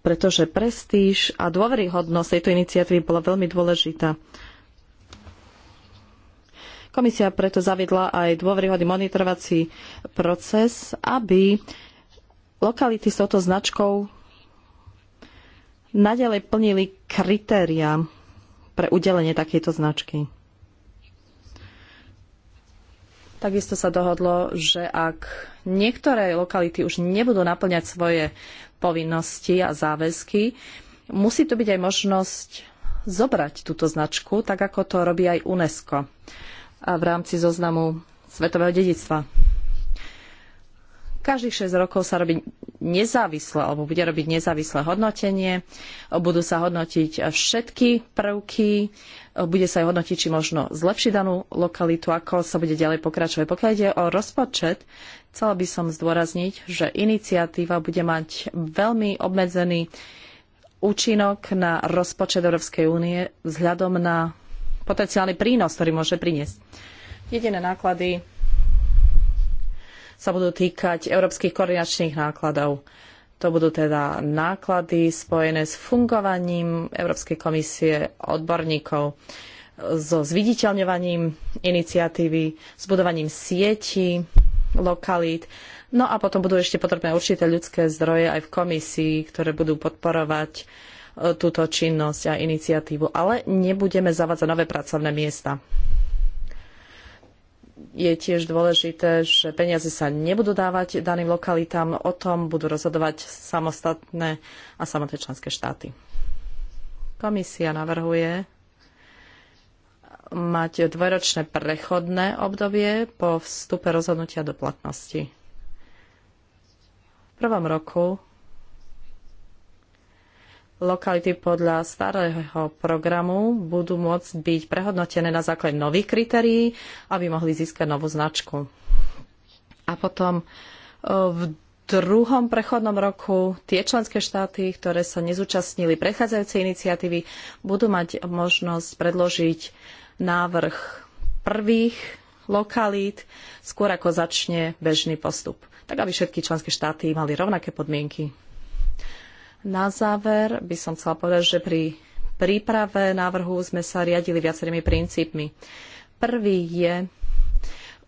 S3: pretože prestíž a dôveryhodnosť tejto iniciatívy bola veľmi dôležitá. Komisia preto zaviedla aj dôveryhodný monitorovací proces, aby lokality s touto značkou nadalej plnili kritériá pre udelenie takejto značky. Takisto sa dohodlo, že ak niektoré lokality už nebudú naplňať svoje povinnosti a záväzky, musí tu byť aj možnosť zobrať túto značku, tak ako to robí aj UNESCO a v rámci zoznamu svetového dedictva. Každých 6 rokov sa robí nezávisle, alebo bude robiť nezávislé hodnotenie. Budú sa hodnotiť všetky prvky, bude sa aj hodnotiť, či možno zlepšiť danú lokalitu, ako sa bude ďalej pokračovať. Pokiaľ ide o rozpočet, chcela by som zdôrazniť, že iniciatíva bude mať veľmi obmedzený účinok na rozpočet Európskej únie vzhľadom na potenciálny prínos, ktorý môže priniesť. Jediné náklady sa budú týkať európskych koordinačných nákladov. To budú teda náklady spojené s fungovaním Európskej komisie odborníkov, so zviditeľňovaním iniciatívy, s budovaním sieti lokalít. No a potom budú ešte potrebné určité ľudské zdroje aj v komisii, ktoré budú podporovať e, túto činnosť a iniciatívu. Ale nebudeme zavádzať nové pracovné miesta je tiež dôležité, že peniaze sa nebudú dávať daným lokalitám, o tom budú rozhodovať samostatné a samotné členské štáty. Komisia navrhuje mať dvojročné prechodné obdobie po vstupe rozhodnutia do platnosti. V prvom roku lokality podľa starého programu budú môcť byť prehodnotené na základe nových kritérií, aby mohli získať novú značku. A potom e, v druhom prechodnom roku tie členské štáty, ktoré sa nezúčastnili prechádzajúcej iniciatívy, budú mať možnosť predložiť návrh prvých lokalít skôr ako začne bežný postup, tak aby všetky členské štáty mali rovnaké podmienky. Na záver by som chcela povedať, že pri príprave návrhu sme sa riadili viacerými princípmi. Prvý je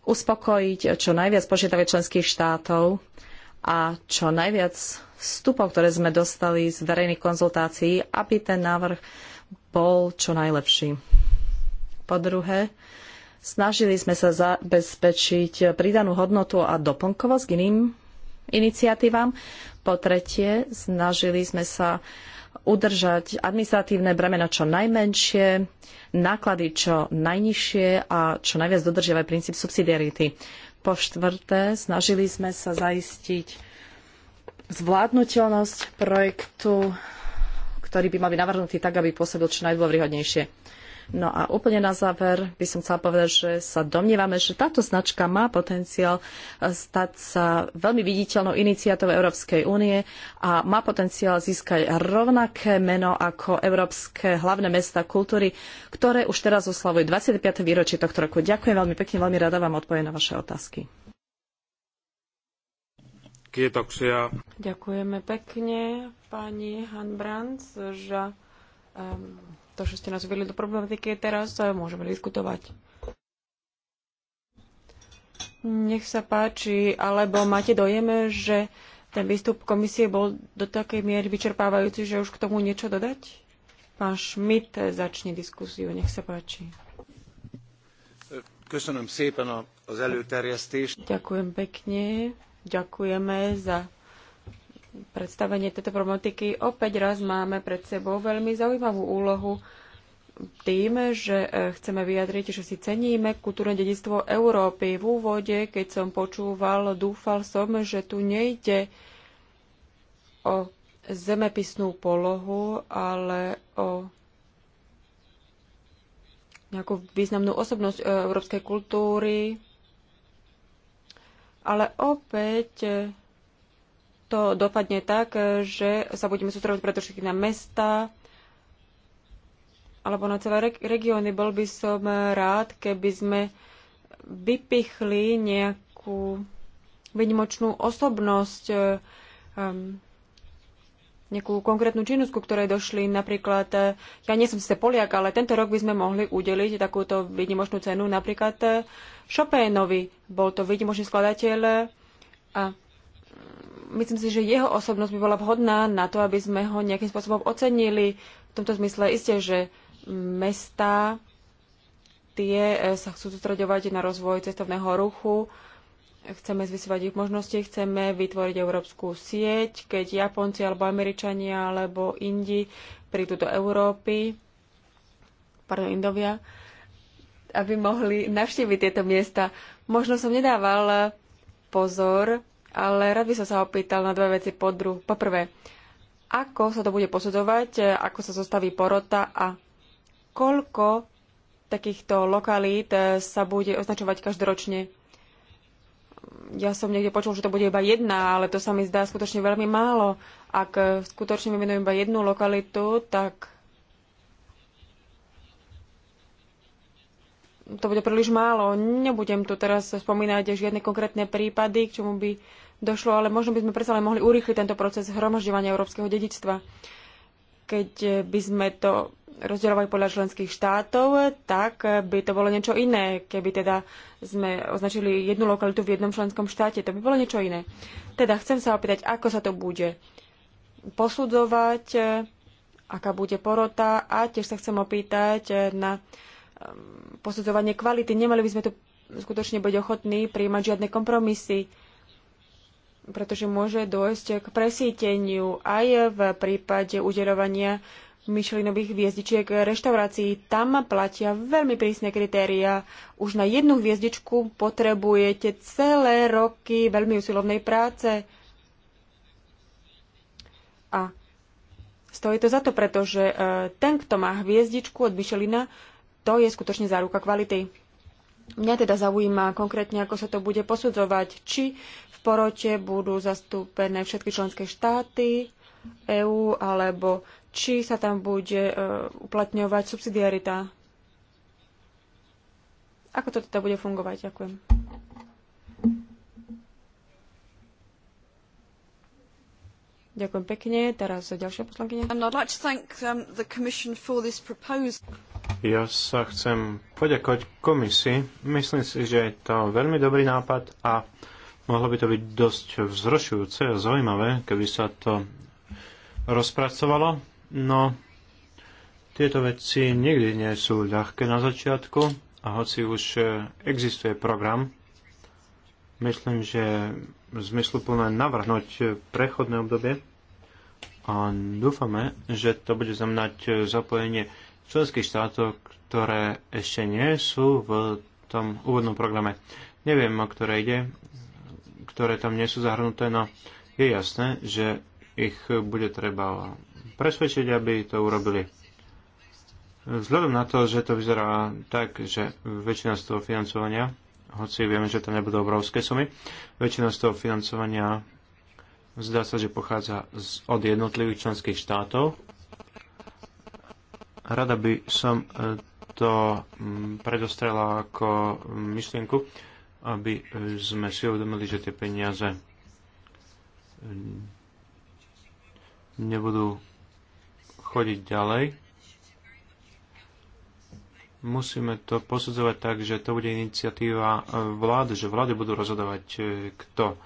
S3: uspokojiť čo najviac požiadavek členských štátov a čo najviac vstupov, ktoré sme dostali z verejných konzultácií, aby ten návrh bol čo najlepší. Po druhé, snažili sme sa zabezpečiť pridanú hodnotu a doplnkovosť k iným iniciatívam. Po tretie, snažili sme sa udržať administratívne bremeno čo najmenšie, náklady čo najnižšie a čo najviac dodržiavať princíp subsidiarity. Po štvrté, snažili sme sa zaistiť zvládnutelnosť projektu, ktorý by mal byť navrhnutý tak, aby pôsobil čo najdôvryhodnejšie. No a úplne na záver by som chcela povedať, že sa domnievame, že táto značka má potenciál eh, stať sa veľmi viditeľnou iniciatívou Európskej únie a má potenciál získať rovnaké meno ako Európske hlavné mesta kultúry, ktoré už teraz oslavujú 25. výročie tohto roku. Ďakujem veľmi pekne, veľmi rada vám odpoviem na vaše otázky.
S4: Kietoxia.
S1: Ďakujeme pekne pani Hanbrand, že um, to, že ste nás uvedli do problematiky, teraz eh, môžeme diskutovať. Nech sa páči, alebo máte dojem, že ten výstup komisie bol do takej miery vyčerpávajúci, že už k tomu niečo dodať? Pán Schmidt eh, začne diskusiu, nech sa páči. Ďakujem pekne, ďakujeme za predstavenie tejto problematiky. Opäť raz máme pred sebou veľmi zaujímavú úlohu tým, že e, chceme vyjadriť, že si ceníme kultúrne dedictvo Európy. V úvode, keď som počúval, dúfal som, že tu nejde o zemepisnú polohu, ale o nejakú významnú osobnosť e, európskej kultúry. Ale opäť e, to dopadne tak, že sa budeme preto predovšetkým na mesta alebo na celé regióny. Bol by som rád, keby sme vypichli nejakú vynimočnú osobnosť, ehm, nejakú konkrétnu činnosť, ku ktorej došli. Napríklad, eh, ja nie som si Poliak, ale tento rok by sme mohli udeliť takúto vynimočnú cenu napríklad eh, Chopinovi. Bol to vynimočný skladateľ a myslím si, že jeho osobnosť by bola vhodná na to, aby sme ho nejakým spôsobom ocenili. V tomto zmysle isté, že mesta tie e, sa chcú sústredovať na rozvoj cestovného ruchu, chceme zvysovať ich možnosti, chceme vytvoriť európsku sieť, keď Japonci alebo Američania alebo Indi prídu do Európy, pardon, Indovia, aby mohli navštíviť tieto miesta. Možno som nedával pozor ale rád by som sa opýtal na dve veci po druh. Po prvé, ako sa to bude posudzovať, e, ako sa zostaví porota a koľko takýchto lokalít e, sa bude označovať každoročne. Ja som niekde počul, že to bude iba jedna, ale to sa mi zdá skutočne veľmi málo. Ak e, skutočne vymenujem iba jednu lokalitu, tak to bude príliš málo. Nebudem tu teraz spomínať žiadne konkrétne prípady, k čomu by došlo, ale možno by sme predsa len mohli urýchliť tento proces hromažďovania európskeho dedičstva. Keď by sme to rozdeľovali podľa členských štátov, tak by to bolo niečo iné. Keby teda sme označili jednu lokalitu v jednom členskom štáte, to by bolo niečo iné. Teda chcem sa opýtať, ako sa to bude posudzovať, aká bude porota a tiež sa chcem opýtať na Um, posudzovanie kvality. Nemali by sme tu skutočne byť ochotní príjmať žiadne kompromisy, pretože môže dôjsť k presíteniu aj v prípade udelovania myšlinových hviezdičiek reštaurácií. Tam platia veľmi prísne kritéria. Už na jednu hviezdičku potrebujete celé roky veľmi usilovnej práce. A stojí to za to, pretože e, ten, kto má hviezdičku od Michelina, to je skutočne záruka kvality. Mňa teda zaujíma konkrétne, ako sa to bude posudzovať, či v porote budú zastúpené všetky členské štáty EÚ, alebo či sa tam bude e, uplatňovať subsidiarita. Ako to teda bude fungovať? Ďakujem. Ďakujem pekne. Teraz ďalšia poslankyňa. Um,
S2: ja sa chcem poďakovať komisii. Myslím si, že je to veľmi dobrý nápad a mohlo by to byť dosť vzrušujúce a zaujímavé, keby sa to rozpracovalo. No, tieto veci nikdy nie sú ľahké na začiatku a hoci už existuje program, myslím, že zmysluplné navrhnúť prechodné obdobie a dúfame, že to bude znamenať e, zapojenie členských štátov, ktoré ešte nie sú v tom úvodnom programe. Neviem, o ktoré ide, ktoré tam nie sú zahrnuté, no je jasné, že ich bude treba presvedčiť, aby to urobili. Vzhľadom na to, že to vyzerá tak, že väčšina z toho financovania, hoci vieme, že to nebudú obrovské sumy, väčšina z toho financovania Zdá sa, že pochádza z, od jednotlivých členských štátov. Rada by som e, to mm, predostrela ako mm, myšlienku, aby e, sme si uvedomili, že tie peniaze mm, nebudú chodiť ďalej. Musíme to posudzovať tak, že to bude iniciatíva e, vlády, že vlády budú rozhodovať, kto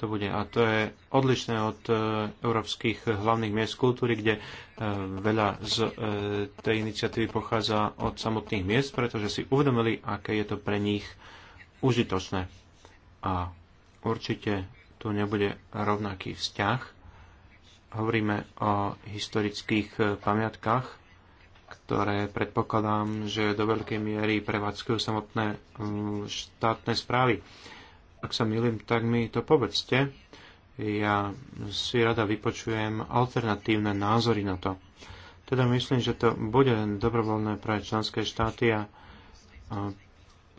S2: to bude. A to je odlišné od e, európskych hlavných miest kultúry, kde e, veľa z e, tej iniciatívy pochádza od samotných miest, pretože si uvedomili, aké je to pre nich užitočné. A určite tu nebude rovnaký vzťah. Hovoríme o historických pamiatkách, ktoré predpokladám, že do veľkej miery prevádzkujú samotné štátne správy. Ak sa milím, tak mi to povedzte. Ja si rada vypočujem alternatívne názory na to. Teda myslím, že to bude dobrovoľné pre členské štáty a,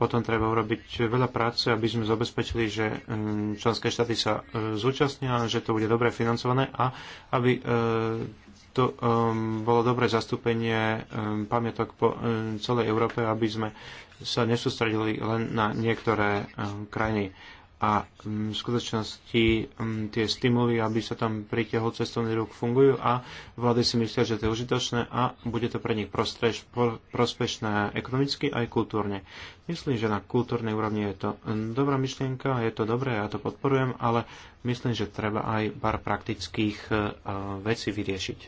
S2: potom treba urobiť veľa práce, aby sme zabezpečili, že mm, členské štáty sa e, zúčastnia, že to bude dobre financované a aby e, to um, bolo dobré zastúpenie um, pamiatok po um, celej Európe, aby sme sa nesústredili len na niektoré um, krajiny a v skutočnosti tie stimuly, aby sa tam pritiahol cestovný ruch, fungujú a vlády si myslia, že to je užitočné a bude to pre nich prostrež, prospešné ekonomicky aj kultúrne. Myslím, že na kultúrnej úrovni je to dobrá myšlienka, je to dobré, ja to podporujem, ale myslím, že treba aj pár praktických e, vecí vyriešiť.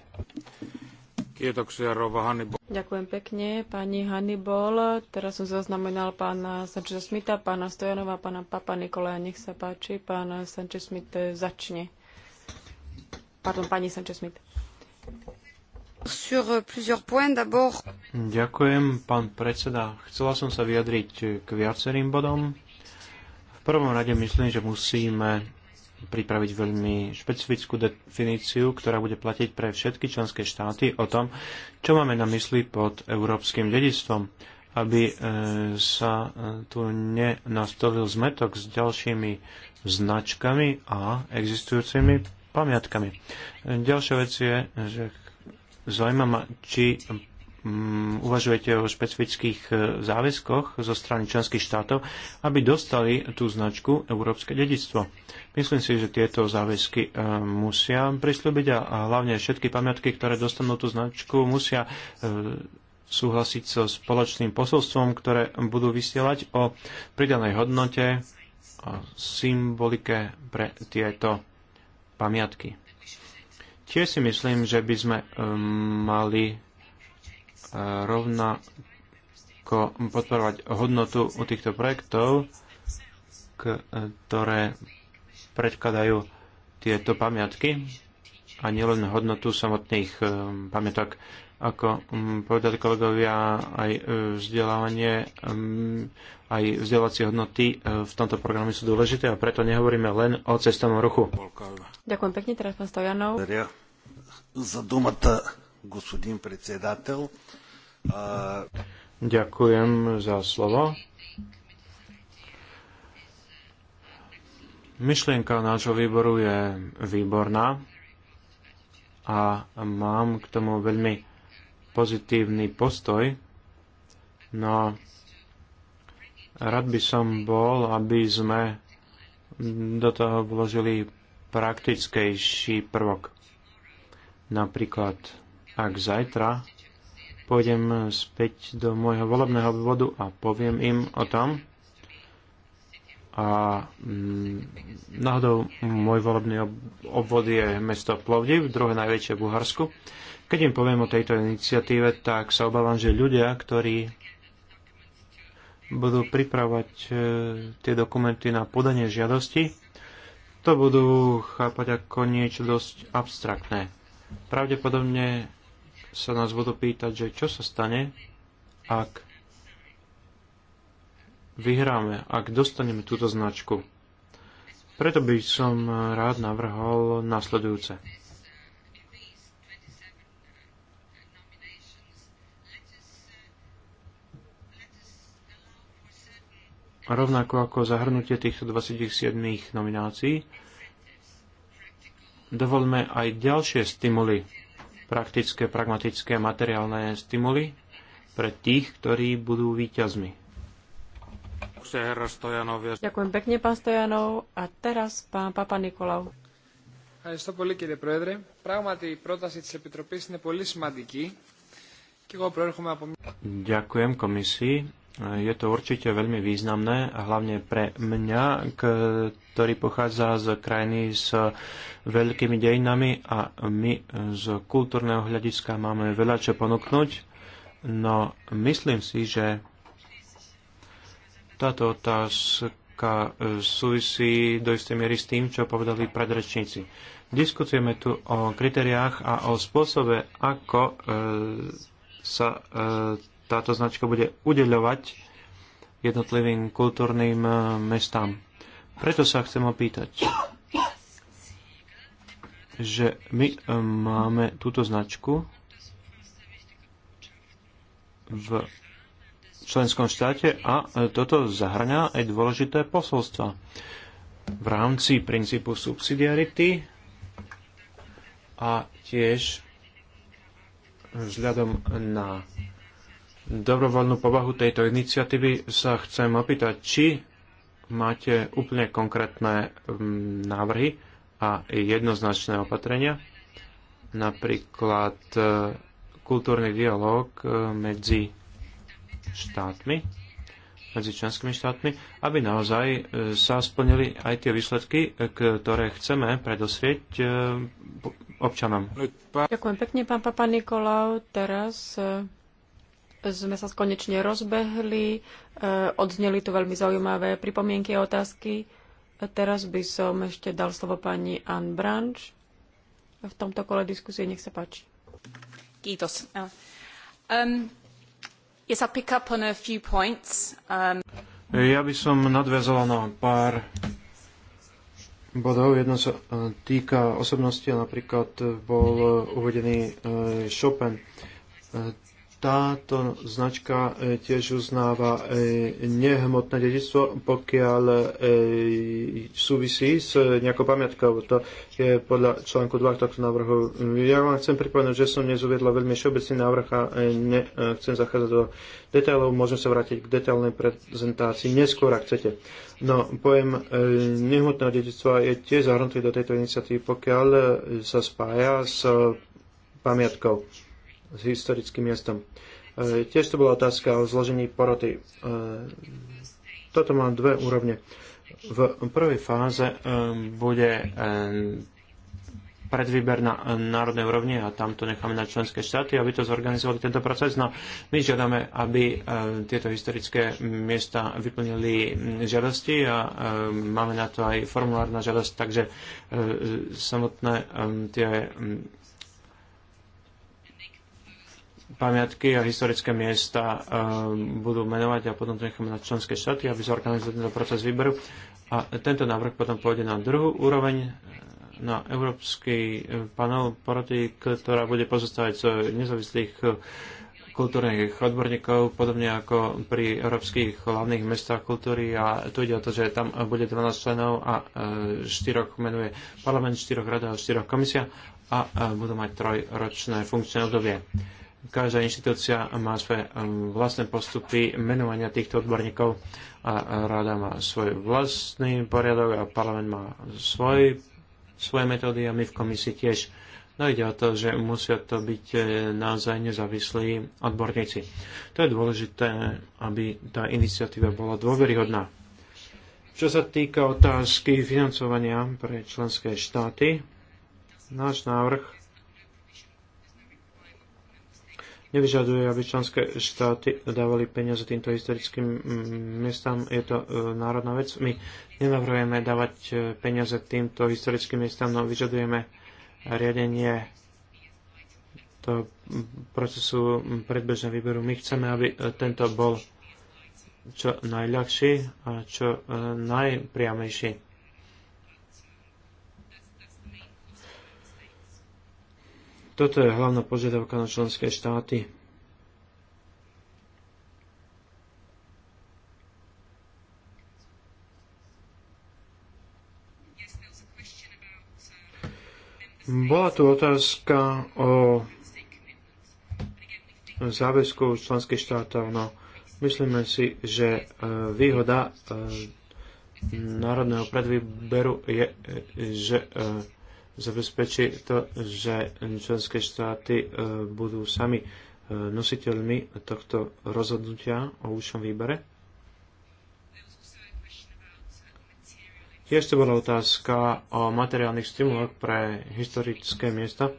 S4: Ďakujem
S1: pekne, pani Hannibal. Teraz som zaznamenal pána Sančeza Smita, pána Stojanova, pána Papa Nikolaja. Nech sa páči, pán Sanchez Smith eh, začne. Pardon, pani Sanchez Smith. Eh,
S2: Ďakujem, pán predseda. Chcela som sa vyjadriť k viacerým bodom. V prvom rade myslím, že musíme pripraviť veľmi špecifickú definíciu, ktorá bude platiť pre všetky členské štáty o tom, čo máme na mysli pod európskym dedictvom, aby e, sa e, tu nenastolil zmetok s ďalšími značkami a existujúcimi pamiatkami. E, ďalšia vec je, že zaujímavá, či Mm, uvažujete o špecifických e, záväzkoch zo strany členských štátov, aby dostali tú značku Európske dedictvo. Myslím si, že tieto záväzky e, musia prislúbiť a hlavne všetky pamiatky, ktoré dostanú tú značku, musia e, súhlasiť so spoločným posolstvom, ktoré budú vysielať o pridanej hodnote, a symbolike pre tieto pamiatky. Tiež si myslím, že by sme mali rovnako podporovať hodnotu u týchto projektov, ktoré predkladajú tieto pamiatky a nielen hodnotu samotných eh, pamiatok. Ako mm, povedali kolegovia, aj eh, vzdelávanie, mm, aj vzdelávacie hodnoty eh, v tomto programe sú dôležité a preto nehovoríme len o cestovnom ruchu.
S1: Ďakujem pekne, teraz pán Stojanov.
S4: Za domata, gospodín predsedateľ.
S2: Ďakujem za slovo. Myšlienka nášho výboru je výborná a mám k tomu veľmi pozitívny postoj, no rád by som bol, aby sme do toho vložili praktickejší prvok. Napríklad, ak zajtra pôjdem späť do môjho volebného obvodu a poviem im o tom. A mm, náhodou môj volebný obvod je mesto Plovdiv, druhé najväčšie v Bulharsku. Keď im poviem o tejto iniciatíve, tak sa obávam, že ľudia, ktorí budú pripravať e, tie dokumenty na podanie žiadosti, to budú chápať ako niečo dosť abstraktné. Pravdepodobne sa nás budú pýtať, že čo sa stane, ak vyhráme, ak dostaneme túto značku. Preto by som rád navrhol nasledujúce. Rovnako ako zahrnutie týchto 27 nominácií, dovolme aj ďalšie stimuly praktické, pragmatické, materiálne stimuly pre tých, ktorí budú výťazmi.
S1: Ďakujem pekne, pán Stojanov. A teraz pán Papa Nikolau. Ďakujem πολύ κύριε Πρόεδρε.
S4: Πράγματι η πρόταση της Επιτροπής είναι
S1: Ďakujem
S2: komisii. Je to určite veľmi významné, hlavne pre mňa, ktorý pochádza z krajiny s veľkými dejinami a my z kultúrneho hľadiska máme veľa čo ponúknuť, no myslím si, že táto otázka súvisí do istej miery s tým, čo povedali predrečníci. Diskutujeme tu o kritériách a o spôsobe, ako e, sa e, táto značka bude udeľovať jednotlivým kultúrnym e, mestám. Preto sa chcem opýtať, že my e, máme túto značku v členskom štáte a toto zahrňa aj dôležité posolstva. V rámci princípu subsidiarity a tiež vzhľadom na dobrovoľnú povahu tejto iniciatívy sa chcem opýtať, či máte úplne konkrétne mm, návrhy a jednoznačné opatrenia, napríklad e, kultúrny dialog e, medzi štátmi, medzi členskými štátmi, aby naozaj e, sa splnili aj tie výsledky, ktoré chceme predosrieť občanom.
S1: Ďakujem pekne, pán Papa Nikolau. Teraz e, sme sa konečne rozbehli, e, odzneli tu veľmi zaujímavé pripomienky a otázky. Teraz by som ešte dal slovo pani Ann Branch. V tomto kole diskusie nech sa páči. Kýtos. Um, e, yes, I'll pick up on a few points. Um...
S2: Ja by som nadvezala na pár bodov. Jedno sa e, týka osobnosti a napríklad bol e, uvedený e, Chopin táto značka e, tiež uznáva e, nehmotné dedictvo, pokiaľ e, súvisí s nejakou pamiatkou. To je podľa článku 2 tohto návrhu. Ja vám chcem pripomenúť, že som nezuviedla veľmi všeobecný návrh a nechcem zachádzať do detailov. Môžem sa vrátiť k detailnej prezentácii neskôr, ak chcete. No, pojem nehmotného dedičstva je tiež zahrnutý do tejto iniciatívy, pokiaľ sa spája s pamiatkou s historickým miestom. E, tiež to bola otázka o zložení poroty. E, toto má dve úrovne. V prvej fáze e, bude predvýber na národnej úrovni a tam to necháme na členské štáty, aby to zorganizovali tento proces. No my žiadame, aby tieto historické miesta vyplnili žiadosti a máme na to aj formulárna žiadosť, takže samotné tie pamiatky a historické miesta eh, budú menovať a potom to necháme na členské štáty, aby zorganizovali tento proces výberu. A tento návrh potom pôjde na druhú úroveň, eh, na európsky eh, panel poroty, ktorá bude pozostávať z nezávislých kultúrnych odborníkov, podobne ako pri európskych hlavných mestách kultúry a tu ide o to, že tam bude 12 členov a 4 menuje parlament, 4 rada a 4 komisia a budú mať trojročné funkčné obdobie každá inštitúcia má svoje um, vlastné postupy menovania týchto odborníkov a rada má svoj vlastný poriadok a parlament má svoj, svoje metódy a my v komisii tiež. No ide o to, že musia to byť e, naozaj nezávislí odborníci. To je dôležité, aby tá iniciatíva bola dôveryhodná. Čo sa týka otázky financovania pre členské štáty, náš návrh nevyžaduje, aby členské štáty dávali peniaze týmto historickým mm, miestam. Je to e, národná vec. My nenavrhujeme dávať e, peniaze týmto historickým miestam, no vyžadujeme riadenie toho procesu predbežného výberu. My chceme, aby e, tento bol čo najľahší a čo najpriamejší Toto je hlavná požiadavka na členské štáty. Bola tu otázka o záväzku členských štátov. No, myslíme si, že e, výhoda e, národného predvýberu je, e, že zabezpečí to, že členské štáty e, budú sami e, nositeľmi tohto rozhodnutia o úšom výbere? Tiež to bola otázka o materiálnych stimuloch pre historické miesta.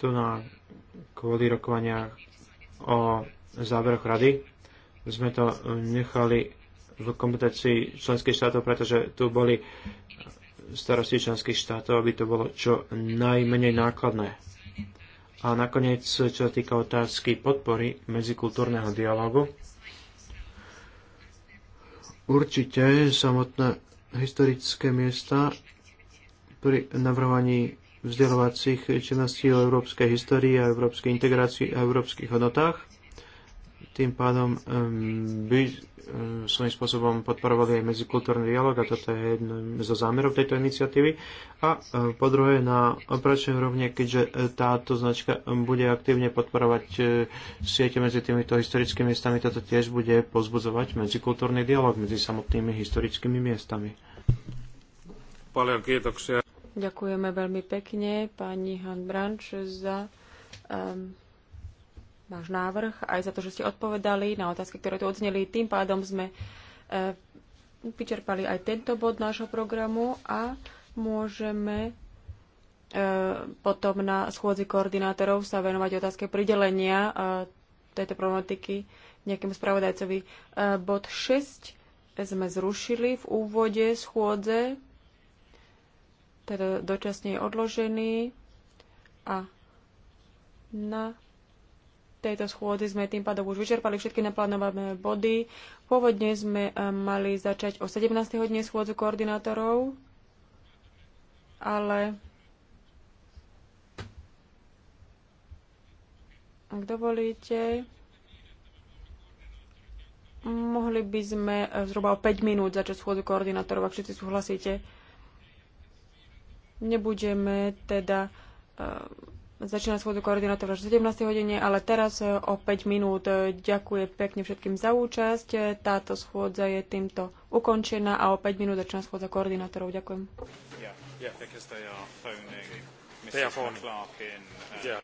S2: Tu na kvôli rokovania o záveroch rady sme to nechali v kompetencii členských štátov, pretože tu boli starosti členských štátov, aby to bolo čo najmenej nákladné. A nakoniec, čo sa týka otázky podpory medzikultúrneho dialogu, určite samotné historické miesta pri navrhovaní vzdelovacích činností o európskej histórii a európskej integrácii a európskych hodnotách tým pádom ehm, by ehm, svojím spôsobom podporovali aj medzikultúrny dialog a toto je jedno zo zámerov tejto iniciatívy. A ehm, po druhé na operačnej úrovne, keďže e, táto značka bude aktívne podporovať e, siete medzi týmito historickými miestami, toto tiež bude pozbudzovať medzikultúrny dialog medzi samotnými historickými miestami.
S1: Ďakujeme veľmi pekne pani Han Branč za um, váš návrh, aj za to, že ste odpovedali na otázky, ktoré tu odzneli. Tým pádom sme e, vyčerpali aj tento bod nášho programu a môžeme e, potom na schôdzi koordinátorov sa venovať otázke pridelenia e, tejto problematiky nejakému spravodajcovi. Bod 6 sme zrušili v úvode schôdze, teda dočasne je odložený a na tejto schôdzi sme tým pádom už vyčerpali všetky naplánované body. Pôvodne sme eh, mali začať o 17. hodine schôdzu koordinátorov, ale ak dovolíte, mohli by sme eh, zhruba o 5 minút začať schôdzu koordinátorov, ak všetci súhlasíte. Nebudeme teda eh, Začína schôdzu koordinátora o 17. hodine, ale teraz e, o 5 minút. E, ďakujem pekne všetkým za účasť. E, táto schôdza je týmto ukončená a o 5 minút začína schôdza koordinátorov. Ďakujem.
S4: Yeah, yeah,